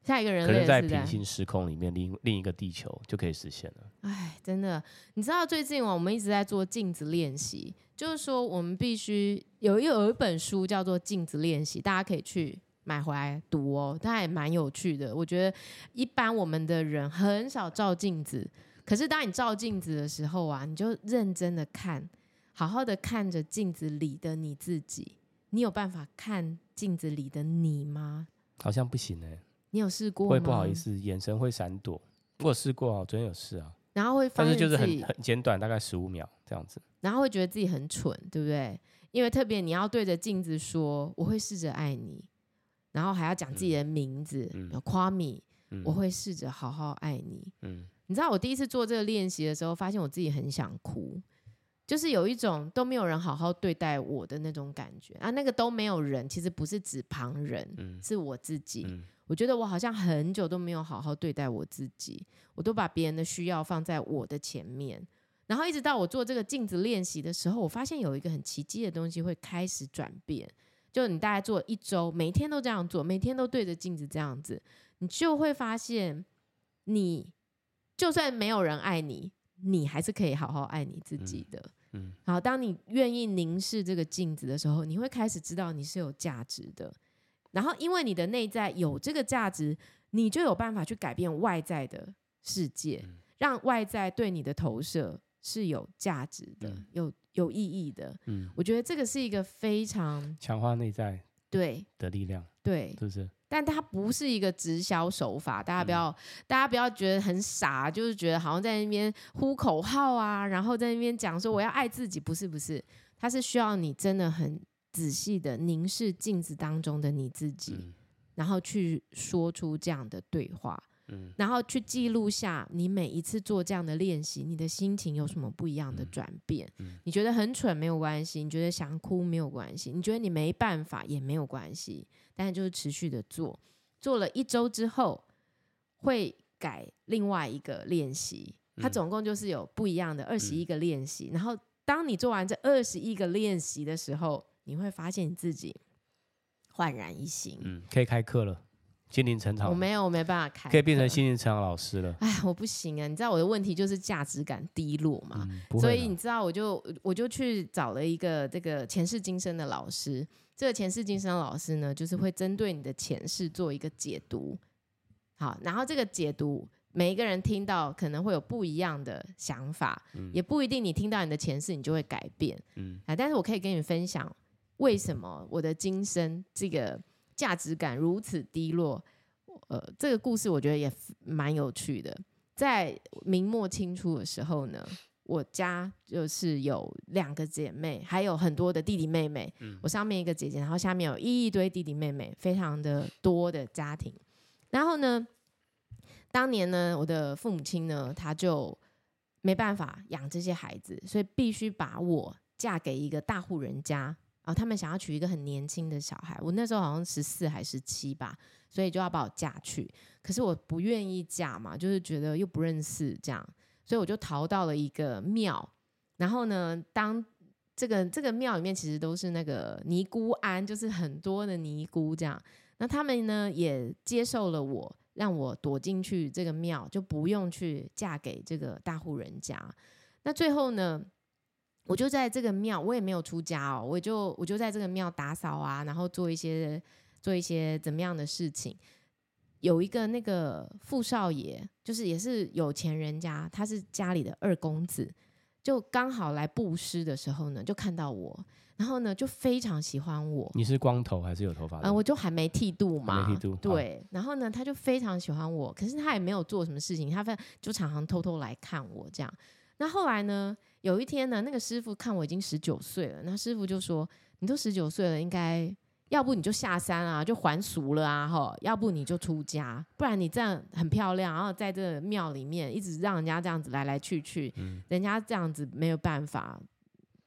下一個人類的世代可能在平行時空裡面，另另一個地球就可以實現了。哎，真的，你知道最近我們一直在做鏡子練習，就是說我們必須有一有一本書叫做《鏡子練習》，大家可以去買回來讀哦，它也蠻有趣的。我覺得一般我們的人很少照鏡子，可是當你照鏡子的時候啊，你就認真的看，好好的看着鏡子裡的你自己。你有辦法看鏡子裡的你嗎？好像不行哎、欸。你有試過嗎？會不好意思，眼神會閃躲。我有試過啊，昨天有試啊。然後會發現，但是就是很很簡短，大概十五秒這樣子。然後會覺得自己很蠢，對不對？因為特別你要對着鏡子說“我會試着愛你”，然後還要講自己的名字，有、嗯、誇你，我會試着好好愛你。嗯，你知道我第一次做這個練習的時候，發現我自己很想哭。就是有一種都沒有人好好對待我的那種感覺啊，那個都沒有人，其實不是指旁人，嗯、是我自己。嗯、我覺得我好像很久都沒有好好對待我自己，我都把別人的需要放在我的前面。然後一直到我做這個鏡子練習的時候，我發現有一個很奇蹟的東西會開始轉變。就你大概做一周，每天都這樣做，每天都對着鏡子這樣子，你就會發現你，你就算沒有人愛你，你還是可以好好愛你自己的。嗯嗯，好。當你願意凝視這個鏡子的時候，你會開始知道你是有價值的。然後，因為你的內在有這個價值，你就有辦法去改變外在的世界，嗯、讓外在對你的投射是有價值的、對、有有意義的。嗯，我覺得這個是一個非常強化內在對的力量，對，對對是不是？但它不是一個直銷手法，大家不要，嗯、大家不要覺得很傻，就是覺得好像在那邊呼口號啊，然後在那邊講說我要愛自己，不是不是，它是需要你真的很仔細的凝視鏡子當中的你自己，嗯、然後去說出這樣的對話，嗯、然後去記錄下你每一次做這樣的練習，你的心情有什麼不一樣的轉變？嗯嗯、你覺得很蠢沒有關係，你覺得想哭沒有關係，你覺得你沒辦法也沒有關係。但是就是持續的做，做了一周之後，會改另外一個練習。它總共就是有不一樣的二十一個練習。嗯，然後當你做完這二十一個練習的時候，你會發現你自己煥然一新。嗯，可以開課了。心靈成長，我沒有，我沒辦法開，可以變成心靈成長老師了。哎，我不行啊！你知道我的問題就是價值感低落嘛，嗯、所以你知道我就我就去找了一個這個前世今生的老師。這個前世今生的老師呢，就是會針對你的前世做一個解讀。嗯、好，然後這個解讀，每一個人聽到可能會有不一樣的想法，嗯、也不一定你聽到你的前世你就會改變。嗯，啊，但是我可以跟你分享，為什麼我的今生這個。價值感如此低落，呃，這個故事我覺得也蠻有趣的。在明末清初的時候呢，我家就是有兩個姐妹，還有很多的弟弟妹妹。嗯，我上面一個姐姐，然後下面有一堆弟弟妹妹，非常的多的家庭。然後呢，當年呢，我的父母親呢，他就沒辦法養這些孩子，所以必須把我嫁給一個大戶人家。然後、哦、他們想要娶一個很年輕的小孩，我那時候好像十四還是十七吧，所以就要把我嫁去。可是我不願意嫁嘛，就是覺得又不認識這樣，所以我就逃到了一個廟。然後呢，當這個這個廟裡面其實都是那個尼姑庵，就是很多的尼姑這樣。那他們呢也接受了我，讓我躲進去這個廟，就不用去嫁給這個大戶人家。那最後呢？我就在這個廟，我也沒有出家哦，我就我就在這個廟打掃啊，然後做一些做一些怎麼樣的事情。有一個那個富少爺，就是也是有錢人家，他是家裡的二公子，就剛好來布施的時候呢，就看到我，然後呢就非常喜歡我。你是光頭還是有頭髮的？嗯、呃，我就還沒剃度嘛，沒剃度。對，好，然後呢他就非常喜歡我，可是他也沒有做什麼事情，他非就常常偷偷來看我這樣。那後來呢？有一天呢，那個師傅看我已經十九歲了，那師傅就說：“你都十九歲了，應該要不你就下山啊，就還俗了啊，吼，要不你就出家，不然你這樣很漂亮，然後在這個廟裡面一直讓人家這樣子來來去去，嗯、人家這樣子沒有辦法，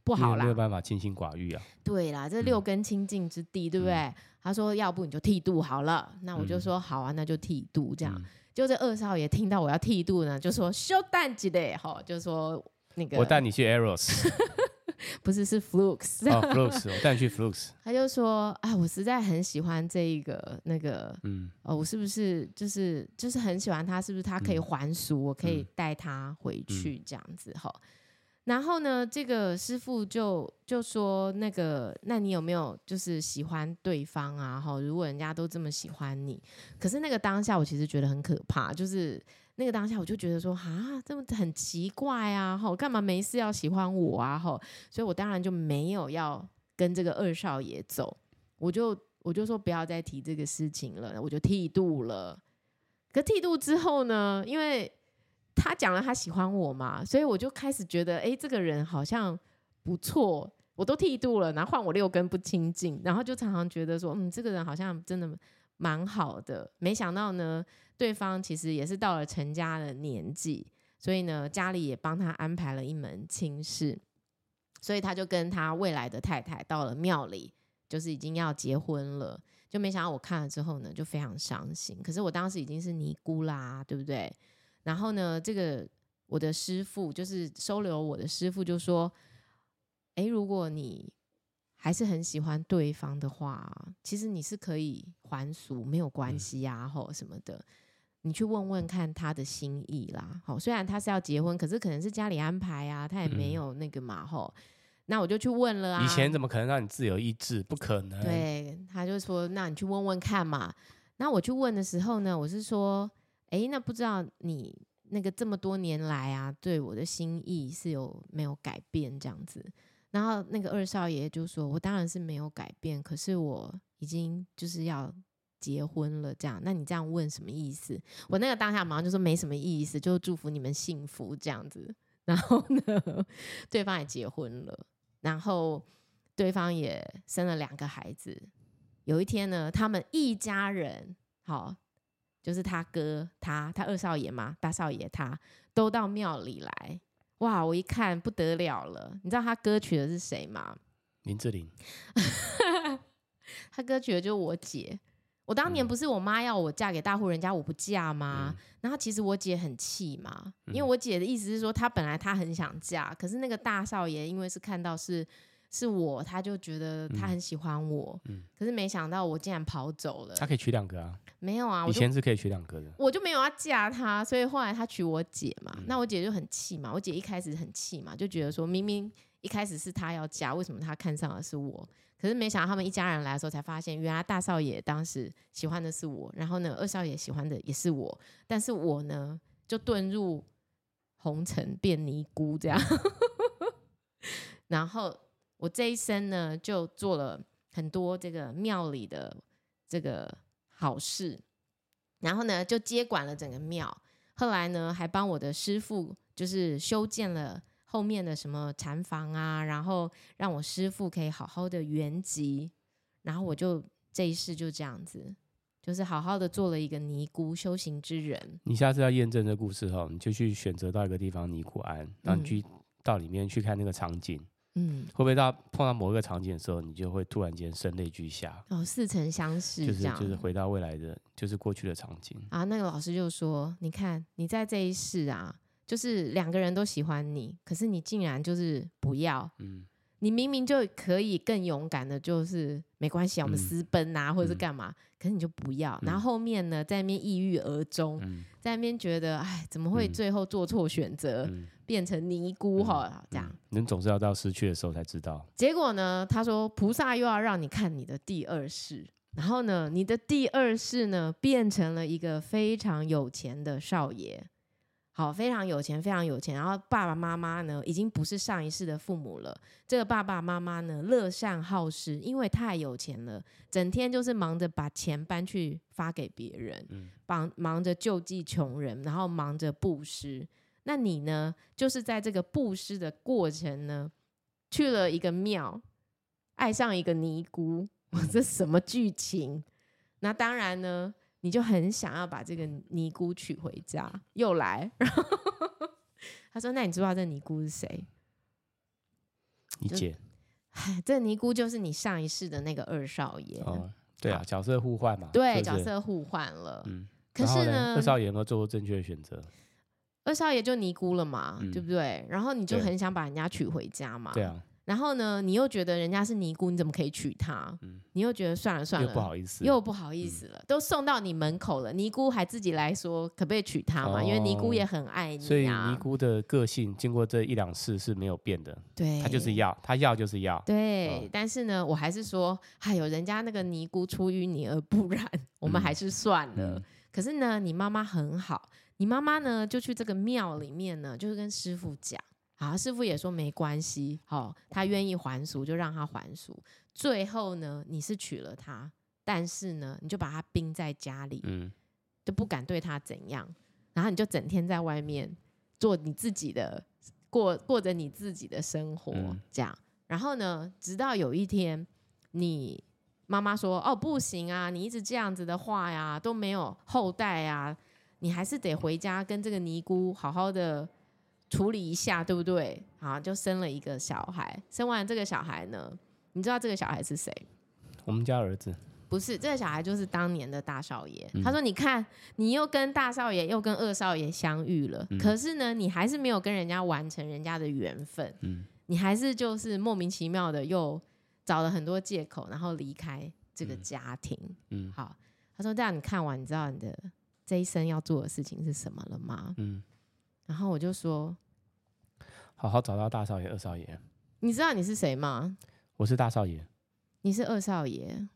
不好啦，沒有辦法清心寡欲啊，對啦，這六根清淨之地，嗯、對不對？”他說：“要不你就剃度好了。嗯”那我就說：“好啊，那就剃度。”這樣，嗯、就這二少爺聽到我要剃度呢，就說：“修但幾勒，吼，就說。”那個、我帶你去 Eros <laughs> 不是是 Flux，Flux，、oh, <laughs> Fl 我帶你去 Flux。他就說啊，我實在很喜歡這一個那個，嗯，哦，我是不是就是就是很喜歡他？是不是他可以還俗？嗯、我可以帶他回去、嗯、這樣子哈。然後呢，這個師父就就說那個，那你有沒有就是喜歡對方啊？哈，如果人家都這麼喜歡你，可是那個當下我其實覺得很可怕，就是。那個當下，我就覺得說啊，這麼很奇怪啊，吼，幹嘛沒事要喜歡我啊，吼，所以我當然就沒有要跟這個二少爺走，我就我就說不要再提這個事情了，我就剃度了。可剃度之後呢，因為他講了他喜歡我嘛，所以我就開始覺得，欸，這個人好像不錯，我都剃度了，然後換我六根不清淨，然後就常常覺得說，嗯，這個人好像真的。蠻好的，沒想到呢，對方其實也是到了成家的年紀，所以呢，家裡也幫他安排了一門親事，所以他就跟他未來的太太到了廟裡，就是已經要結婚了，就沒想到我看了之後呢，就非常傷心。可是我當時已經是尼姑啦，對不對？然後呢，這個我的師傅就是收留我的師傅就說，哎，如果你。還是很喜歡對方的話啊，其實你是可以還俗沒有關係啊，吼什麼的，你去問問看他的心意啦。好，雖然他是要結婚，可是可能是家裡安排啊，他也沒有那個嘛，吼。那我就去問了啊。以前怎麼可能讓你自由意志？不可能。對，他就說，那你去問問看嘛。那我去問的時候呢，我是說，哎、欸，那不知道你那個這麼多年來啊，對我的心意是有沒有改變這樣子。然後那個二少爺就說：“我當然是沒有改變，可是我已經就是要結婚了，這樣。那你這樣問什麼意思？”我那個當下馬上就說：“沒什麼意思，就祝福你們幸福這樣子。”然後呢，對方也結婚了，然後對方也生了兩個孩子。有一天呢，他們一家人，好，就是他哥，他，他二少爺嘛，大少爺他，都到廟裡來。哇，wow, 我一看不得了了，你知道他哥娶的是誰嗎？林志玲。 <laughs> 他哥娶的就是我姐。我當年不是我媽要我嫁給大戶人家，我不嫁嗎？嗯、然後其實我姐很氣嘛，因為我姐的意思是說，她本來她很想嫁，可是那個大少爺因為是看到是。是我，他就覺得他很喜歡我，嗯嗯、可是沒想到我竟然跑走了。他可以娶兩個啊？沒有啊，我就以前是可以娶兩個的。我就沒有要嫁他，所以後來他娶我姐嘛。嗯、那我姐就很氣嘛，我姐一開始很氣嘛，就覺得說明明一開始是他要嫁，為什麼他看上的是我？可是沒想到他們一家人來的時候，才發現原來大少爺當時喜歡的是我，然後呢，二少爺喜歡的也是我，但是我呢就遁入紅塵變尼姑這樣， <laughs> 然後。我這一生呢，就做了很多這個廟裡的這個好事，然後呢，就接管了整個廟。後來呢，還幫我的師傅就是修建了後面的什麼禪房啊，然後讓我師傅可以好好的圓寂。然後我就這一世就這樣子，就是好好的做了一個尼姑修行之人。你下次要驗證這故事哈、哦，你就去選擇到一個地方尼姑庵，然後你去到裡面去看那個場景。嗯嗯，會不會到碰到某一個場景的時候，你就會突然間聲淚俱下？哦，似曾相識這樣，就是就是回到未來的，就是過去的場景。啊，那個老師就說：“你看你在這一世啊，就是兩個人都喜歡你，可是你竟然就是不要。嗯，你明明就可以更勇敢的，就是沒關係啊，我們私奔啊，嗯、或者是幹嘛？嗯、可是你就不要。然後後面呢，在那邊抑鬱而終，嗯、在那邊覺得，哎，怎麼會最後做錯選擇？”嗯嗯變成尼姑哈，嗯、這樣人、嗯、總是要到失去的時候才知道。結果呢，他說菩薩又要讓你看你的第二世，然後呢，你的第二世呢變成了一個非常有錢的少爺，好，非常有錢，非常有錢。然後爸爸媽媽呢，已經不是上一世的父母了。這個爸爸媽媽呢，樂善好施，因為太有錢了，整天就是忙着把錢搬去發給別人，幫、嗯、忙着救濟窮人，然後忙着布施。那你呢？就是在這個布施的過程呢，去了一個廟，愛上一個尼姑，我這什麼劇情？那當然呢，你就很想要把這個尼姑娶回家，又來。然後呵呵他說：“那你知不知道這尼姑是誰？”你姐解，這尼姑就是你上一世的那個二少爺。哦、對啊，好角色互換嘛，對，就是、角色互換了。嗯，可是呢，呢，二少爺沒有做出正確的選擇。二少爺就尼姑了嘛，對不對？然後你就很想把人家娶回家嘛。對啊。然後呢，你又覺得人家是尼姑，你怎麼可以娶她？嗯。你又覺得算了算了，又不好意思，又不好意思了，都送到你門口了，尼姑還自己來說可不可以娶她嘛？因為尼姑也很愛你啊。所以尼姑的個性經過這一兩次是沒有變的。對。她就是要，她要就是要。對，但是呢，我還是說，哎呦，人家那個尼姑出淤泥而不染，我們還是算了。可是呢，你媽媽很好。你媽媽呢，就去這個廟裡面呢，就是跟師傅講啊，師傅也說沒關係，好、哦，他願意還俗就讓他還俗。最後呢，你是娶了她，但是呢，你就把她冰在家裡，嗯、就不敢對她怎樣，然後你就整天在外面做你自己的，過過着你自己的生活，嗯、這樣。然後呢，直到有一天，你媽媽說：“哦，不行啊，你一直這樣子的話呀、啊，都沒有後代啊。”你還是得回家跟這個尼姑好好的處理一下，對不對？好，就生了一個小孩，生完這個小孩呢，你知道這個小孩是誰？我們家兒子。不是，這個小孩就是當年的大少爺。嗯、他說：“你看，你又跟大少爺又跟二少爺相遇了，嗯、可是呢，你還是沒有跟人家完成人家的緣分。嗯、你還是就是莫名其妙的又找了很多借口，然後離開這個家庭。嗯，嗯好，他說：‘這樣你看完，你知道你的。’這一生要做的事情是什麼了嗎？嗯，然後我就說，好好找到大少爺、二少爺。你知道你是誰嗎？我是大少爺，你是二少爺。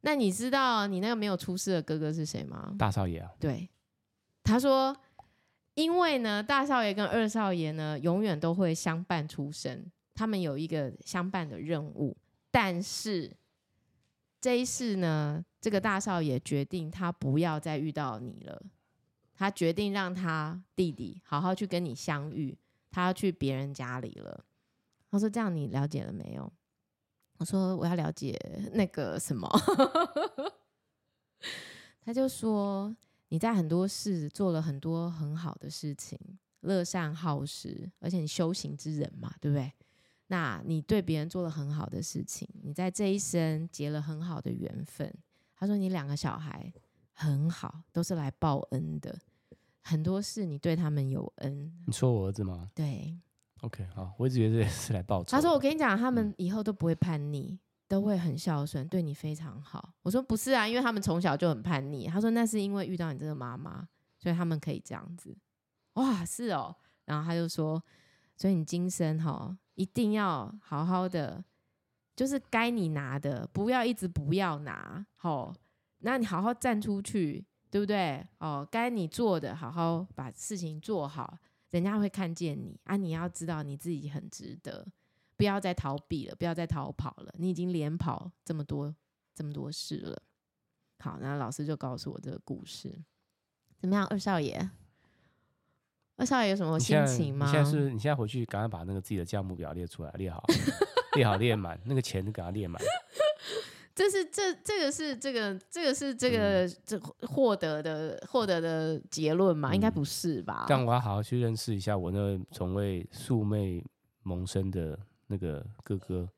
那你知道你那個沒有出世的哥哥是誰嗎？大少爺啊。對，他說，因為呢，大少爺跟二少爺呢，永遠都會相伴出生，他們有一個相伴的任務，但是。這一世呢，這個大少爺決定他不要再遇到你了，他決定讓他弟弟好好去跟你相遇，他要去別人家裡了。他說這樣你了解了沒有？我說我要了解那個什麼， <laughs> 他就說你在很多事做了很多很好的事情，樂善好施，而且你修行之人嘛，對不對？那你對別人做了很好的事情，你在這一生結了很好的緣分。他說你兩個小孩很好，都是來報恩的。很多事你對他們有恩。你說我兒子嗎？對。OK，好，我一直覺得是來報仇。他說我跟你講，他們以後都不會叛逆，都會很孝順，嗯、對你非常好。我說不是啊，因為他們從小就很叛逆。他說那是因為遇到你這個媽媽，所以他們可以這樣子。哇，是哦、喔。然後他就說，所以你今生哈。一定要好好的，就是該你拿的，不要一直不要拿，好、哦，那你好好站出去，對不對？哦，該你做的，好好把事情做好，人家會看見你啊！你要知道你自己很值得，不要再逃避了，不要再逃跑了，你已經連跑這麼多這麼多事了。好，那老師就告訴我這個故事，怎麼樣，二少爺？少爺、啊、有什麼心情嗎？你現在，你現在，是是，你現在回去，趕快把那個自己的價目表列出來，列好， <laughs> 列好，列滿。那個錢給他列滿 <laughs> 這是這是這個是這個這個是這個這獲得的獲得的結論嗎？應該不是吧、嗯？但我要好好去認識一下我那位從未素昧蒙生的那個哥哥。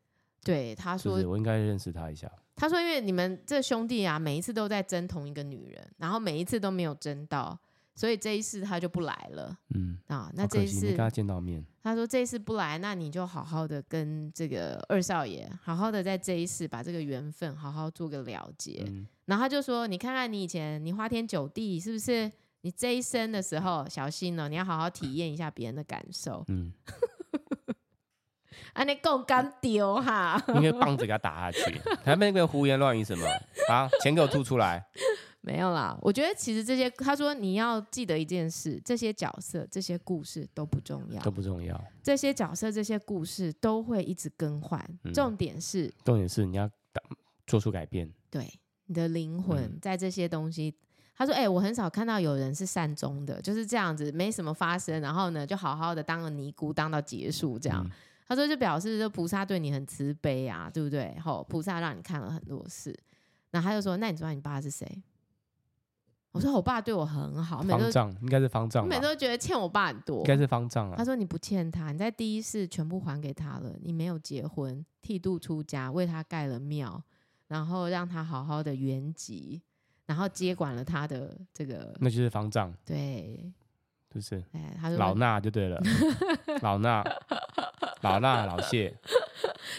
對，他說，是是我應該認識他一下。他說，因為你們這兄弟啊，每一次都在爭同一個女人，然後每一次都沒有爭到。所以這一次他就不來了，嗯啊，那這一次跟他見到面，他說這一次不來，那你就好好的跟這個二少爺好好的在這一世把這個緣分好好做個了結。嗯、然後他就說，你看看你以前你花天酒地是不是？你這一生的時候小心哦、喔，你要好好體驗一下別人的感受。嗯， <laughs> 啊你夠幹屌哈！應該棒子給他打下去，他 <laughs> 那邊胡言亂語什麼啊？錢給我吐出來。 <laughs> 沒有啦，我覺得其實這些，他說你要記得一件事，這些角色、這些故事都不重要，都不重要。這些角色、這些故事都會一直更換，嗯、重點是，重點是你要做出改變。對，你的靈魂在這些東西。嗯、他說：“哎、欸，我很少看到有人是善終的，就是這樣子，沒什麼發生，然後呢，就好好的當個尼姑，當到結束這樣。嗯”他說：“就表示說菩薩對你很慈悲啊，對不對？吼、哦，菩薩讓你看了很多事。那他就說：‘那你知道你爸是誰？’”我說我爸對我很好，方丈每個都，應該是方丈。我每次都覺得欠我爸很多，應該是方丈啊。他說你不欠他，你在第一世全部還給他了，你沒有結婚，剃度出家，為他蓋了廟，然後讓他好好的圓寂，然後接管了他的這個，那就是方丈，對，就是，他說老衲就對了， <laughs> 老衲老衲老謝，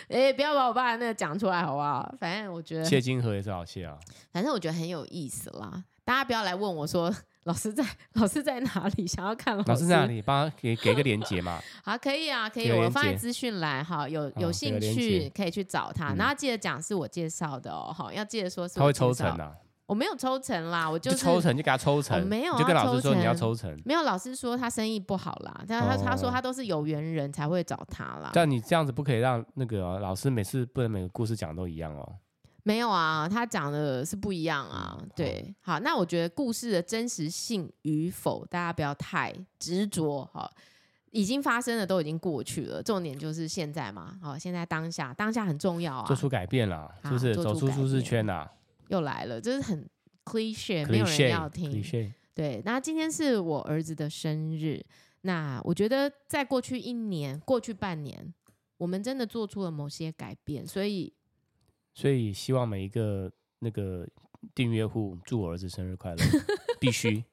哎、欸，不要把我爸的那個講出來好不好？反正我覺得謝金河也是老謝啊，反正我覺得很有意思啦。大家不要來問我說，老師在老師在哪裡？想要看老師，老師在哪裡？幫他給給個連結嘛？ <laughs> 好，可以啊，可以，我放在資訊欄哈。有有興趣、哦、可以去找他，嗯、然後記得講是我介紹的哦。好，要記得說是我。他會抽成啊？我沒有抽成啦，我就，是、就抽成就給他抽成，哦、沒有就跟老師說你要抽成、抽成，沒有？老師說他生意不好啦，但他他、哦、他說他都是有緣人才會找他啦。但你這樣子不可以讓那個、哦、老師每次不能每個故事講都一樣哦。沒有啊，他講的是不一樣啊。對，好，好，那我覺得故事的真實性與否，大家不要太執着。哈，已經發生的都已經過去了，重點就是現在嘛。好，現在當下，當下很重要啊。做出改變啦，就是，啊，做出改變。走出舒適圈啦。又來了，這是很 cliché，Cliche，沒有人要聽。Cliche。對，那今天是我兒子的生日，那我覺得在過去一年、過去半年，我們真的做出了某些改變，所以。所以希望每一個那個訂閱戶祝我兒子生日快樂，必須，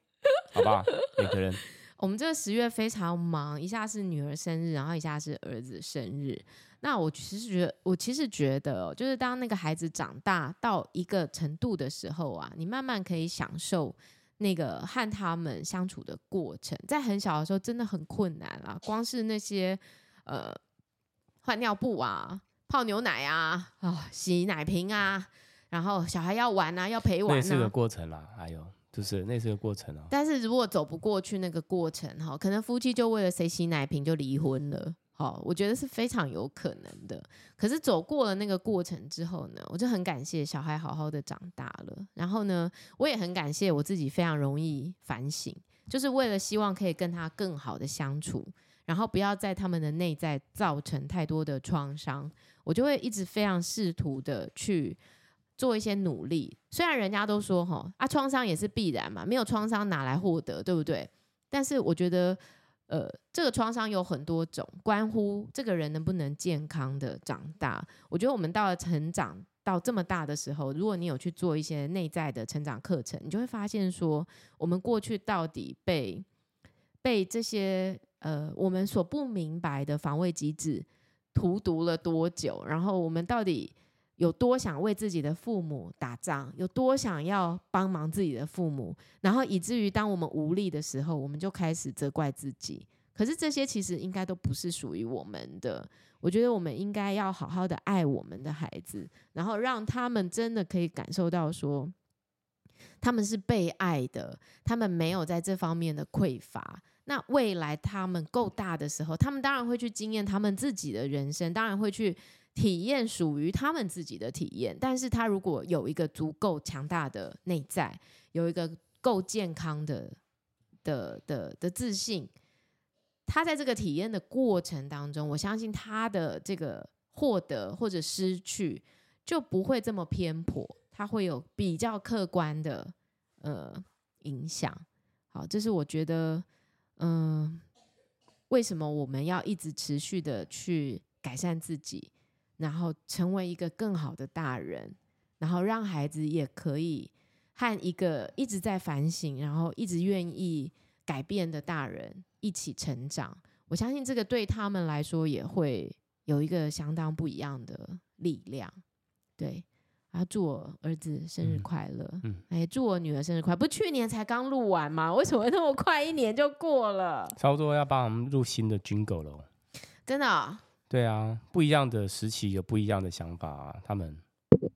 好不好？每個人。 <laughs> 我們這個十月非常忙，一下是女兒生日，然後一下是兒子生日。那我其實覺得，我其實覺得，就是當那個孩子長大到一個程度的時候啊，你慢慢可以享受那個和他們相處的過程。在很小的時候，真的很困難啊，光是那些，呃，換尿布啊。泡牛奶啊，啊、哦，洗奶瓶啊，然後小孩要玩啊，要陪玩啊，那是個過程啦、啊，哎呦，就是那是個過程哦、啊。但是如果走不過去那個過程哈、哦，可能夫妻就為了誰洗奶瓶就離婚了。哦，我覺得是非常有可能的。可是走過了那個過程之後呢，我就很感謝小孩好好的長大了。然後呢，我也很感謝我自己非常容易反省，就是為了希望可以跟他更好的相處，然後不要在他們的內在造成太多的創傷。我就會一直非常試圖的去做一些努力，雖然人家都說哈啊，創傷也是必然嘛，沒有創傷哪來獲得，對不對？但是我覺得，呃，這個創傷有很多種，關乎這個人能不能健康的長大。我覺得我們到了成長到這麼大的時候，如果你有去做一些內在的成長課程，你就會發現說，我們過去到底被被這些呃我們所不明白的防衛機制荼毒了多久？然後我們到底有多想為自己的父母打仗？有多想要幫忙自己的父母？然後以至於當我們無力的時候，我們就開始責怪自己。可是這些其實應該都不是屬於我們的。我覺得我們應該要好好的愛我們的孩子，然後讓他們真的可以感受到說他們是被愛的，他們沒有在這方面的匱乏。那未來他們夠大的時候，他們當然會去經驗他們自己的人生，當然會去體驗屬於他們自己的體驗。但是他如果有一個足夠強大的內在，有一個夠健康的的的的的自信，他在這個體驗的過程當中，我相信他的這個獲得或者失去就不會這麼偏頗，他會有比較客觀的呃影響。好，這、就是我覺得。嗯，為什麼我們要一直持續的去改善自己，然後成為一個更好的大人，然後讓孩子也可以和一個一直在反省，然後一直願意改變的大人一起成長？我相信這個對他們來說也會有一個相當不一樣的力量，對。啊！祝我兒子生日快樂。嗯，哎、嗯，祝我女兒生日快樂。不，去年才剛錄完嗎？為什麼那麼快一年就過了？差不多要幫我們錄新的《Jingle》了。真的、哦。對啊，不一樣的時期有不一樣的想法、啊。他們。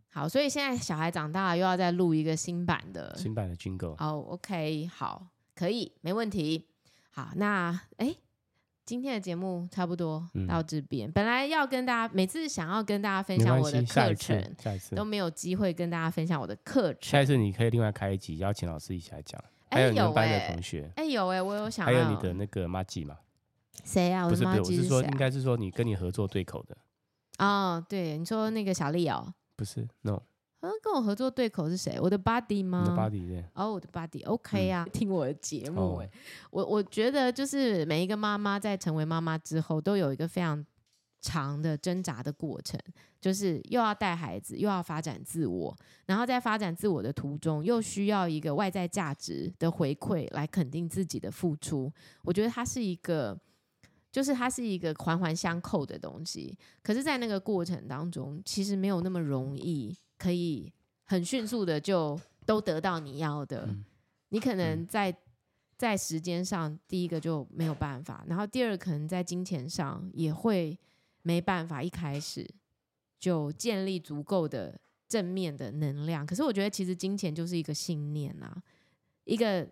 好，所以現在小孩長大了，又要再錄一個新版的。新版的《Jingle》。好，OK，好，可以，沒問題。好，那哎。誒今天的節目差不多到這邊。嗯、本來要跟大家每次想要跟大家分享我的課程，沒都沒有機會跟大家分享我的課程。下一次你可以另外開一集，邀請老師一起來講，哎欸、還有你們班的同學。哎，有哎，我有想要。還有你的那個麻吉嗎？誰啊？不是，不是、我是說，應該是說你跟你合作對口的。哦，對，你說那個小麗哦，不是，no。呃，跟我合作對口是誰？我的 body 嗎的？body 對、yeah。哦，我、oh, 的 body，OK、okay、啊。嗯、聽我的節目。Oh, 我我覺得就是每一個媽媽在成為媽媽之後，都有一個非常長的掙扎的過程，就是又要帶孩子，又要發展自我，然後在發展自我的途中，又需要一個外在價值的回饋來肯定自己的付出。我覺得它是一個，就是它是一個環環相扣的東西。可是，在那個過程當中，其實沒有那麼容易。可以很迅速的就都得到你要的，你可能在在時間上第一個就沒有辦法，然後第二可能在金錢上也會沒辦法，一開始就建立足夠的正面的能量。可是我覺得其實金錢就是一個信念啊，一個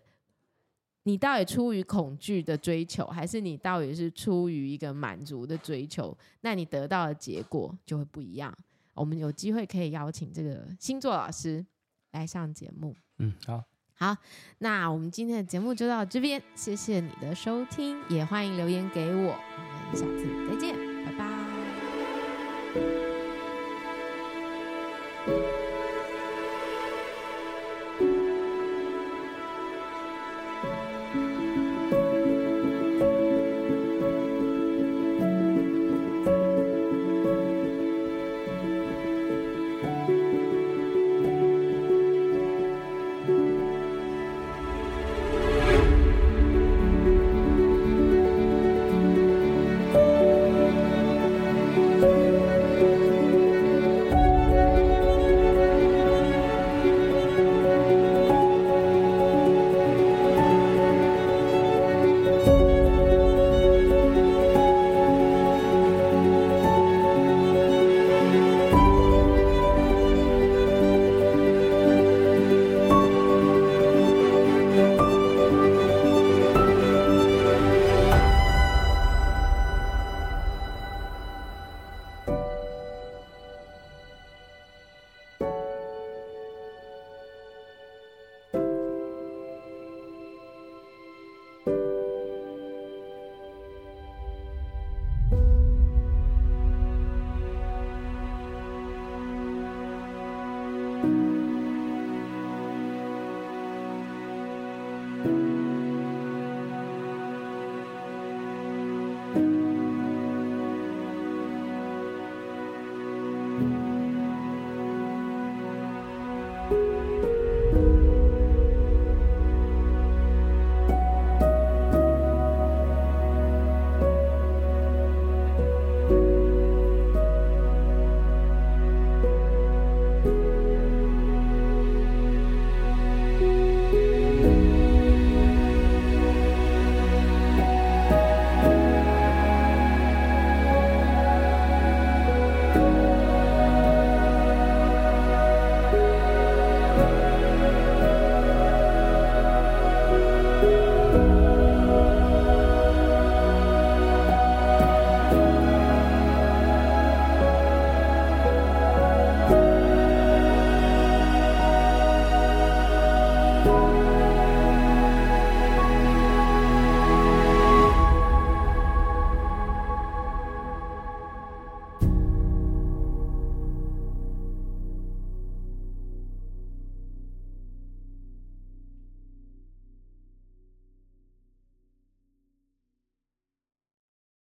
你到底出於恐懼的追求，還是你到底是出於一個滿足的追求，那你得到的結果就會不一樣。我們有機會可以邀請這個星座老師來上節目。嗯，好。好，那我們今天的節目就到這邊，謝謝你的收聽，也歡迎留言給我，我們下次再見，拜拜。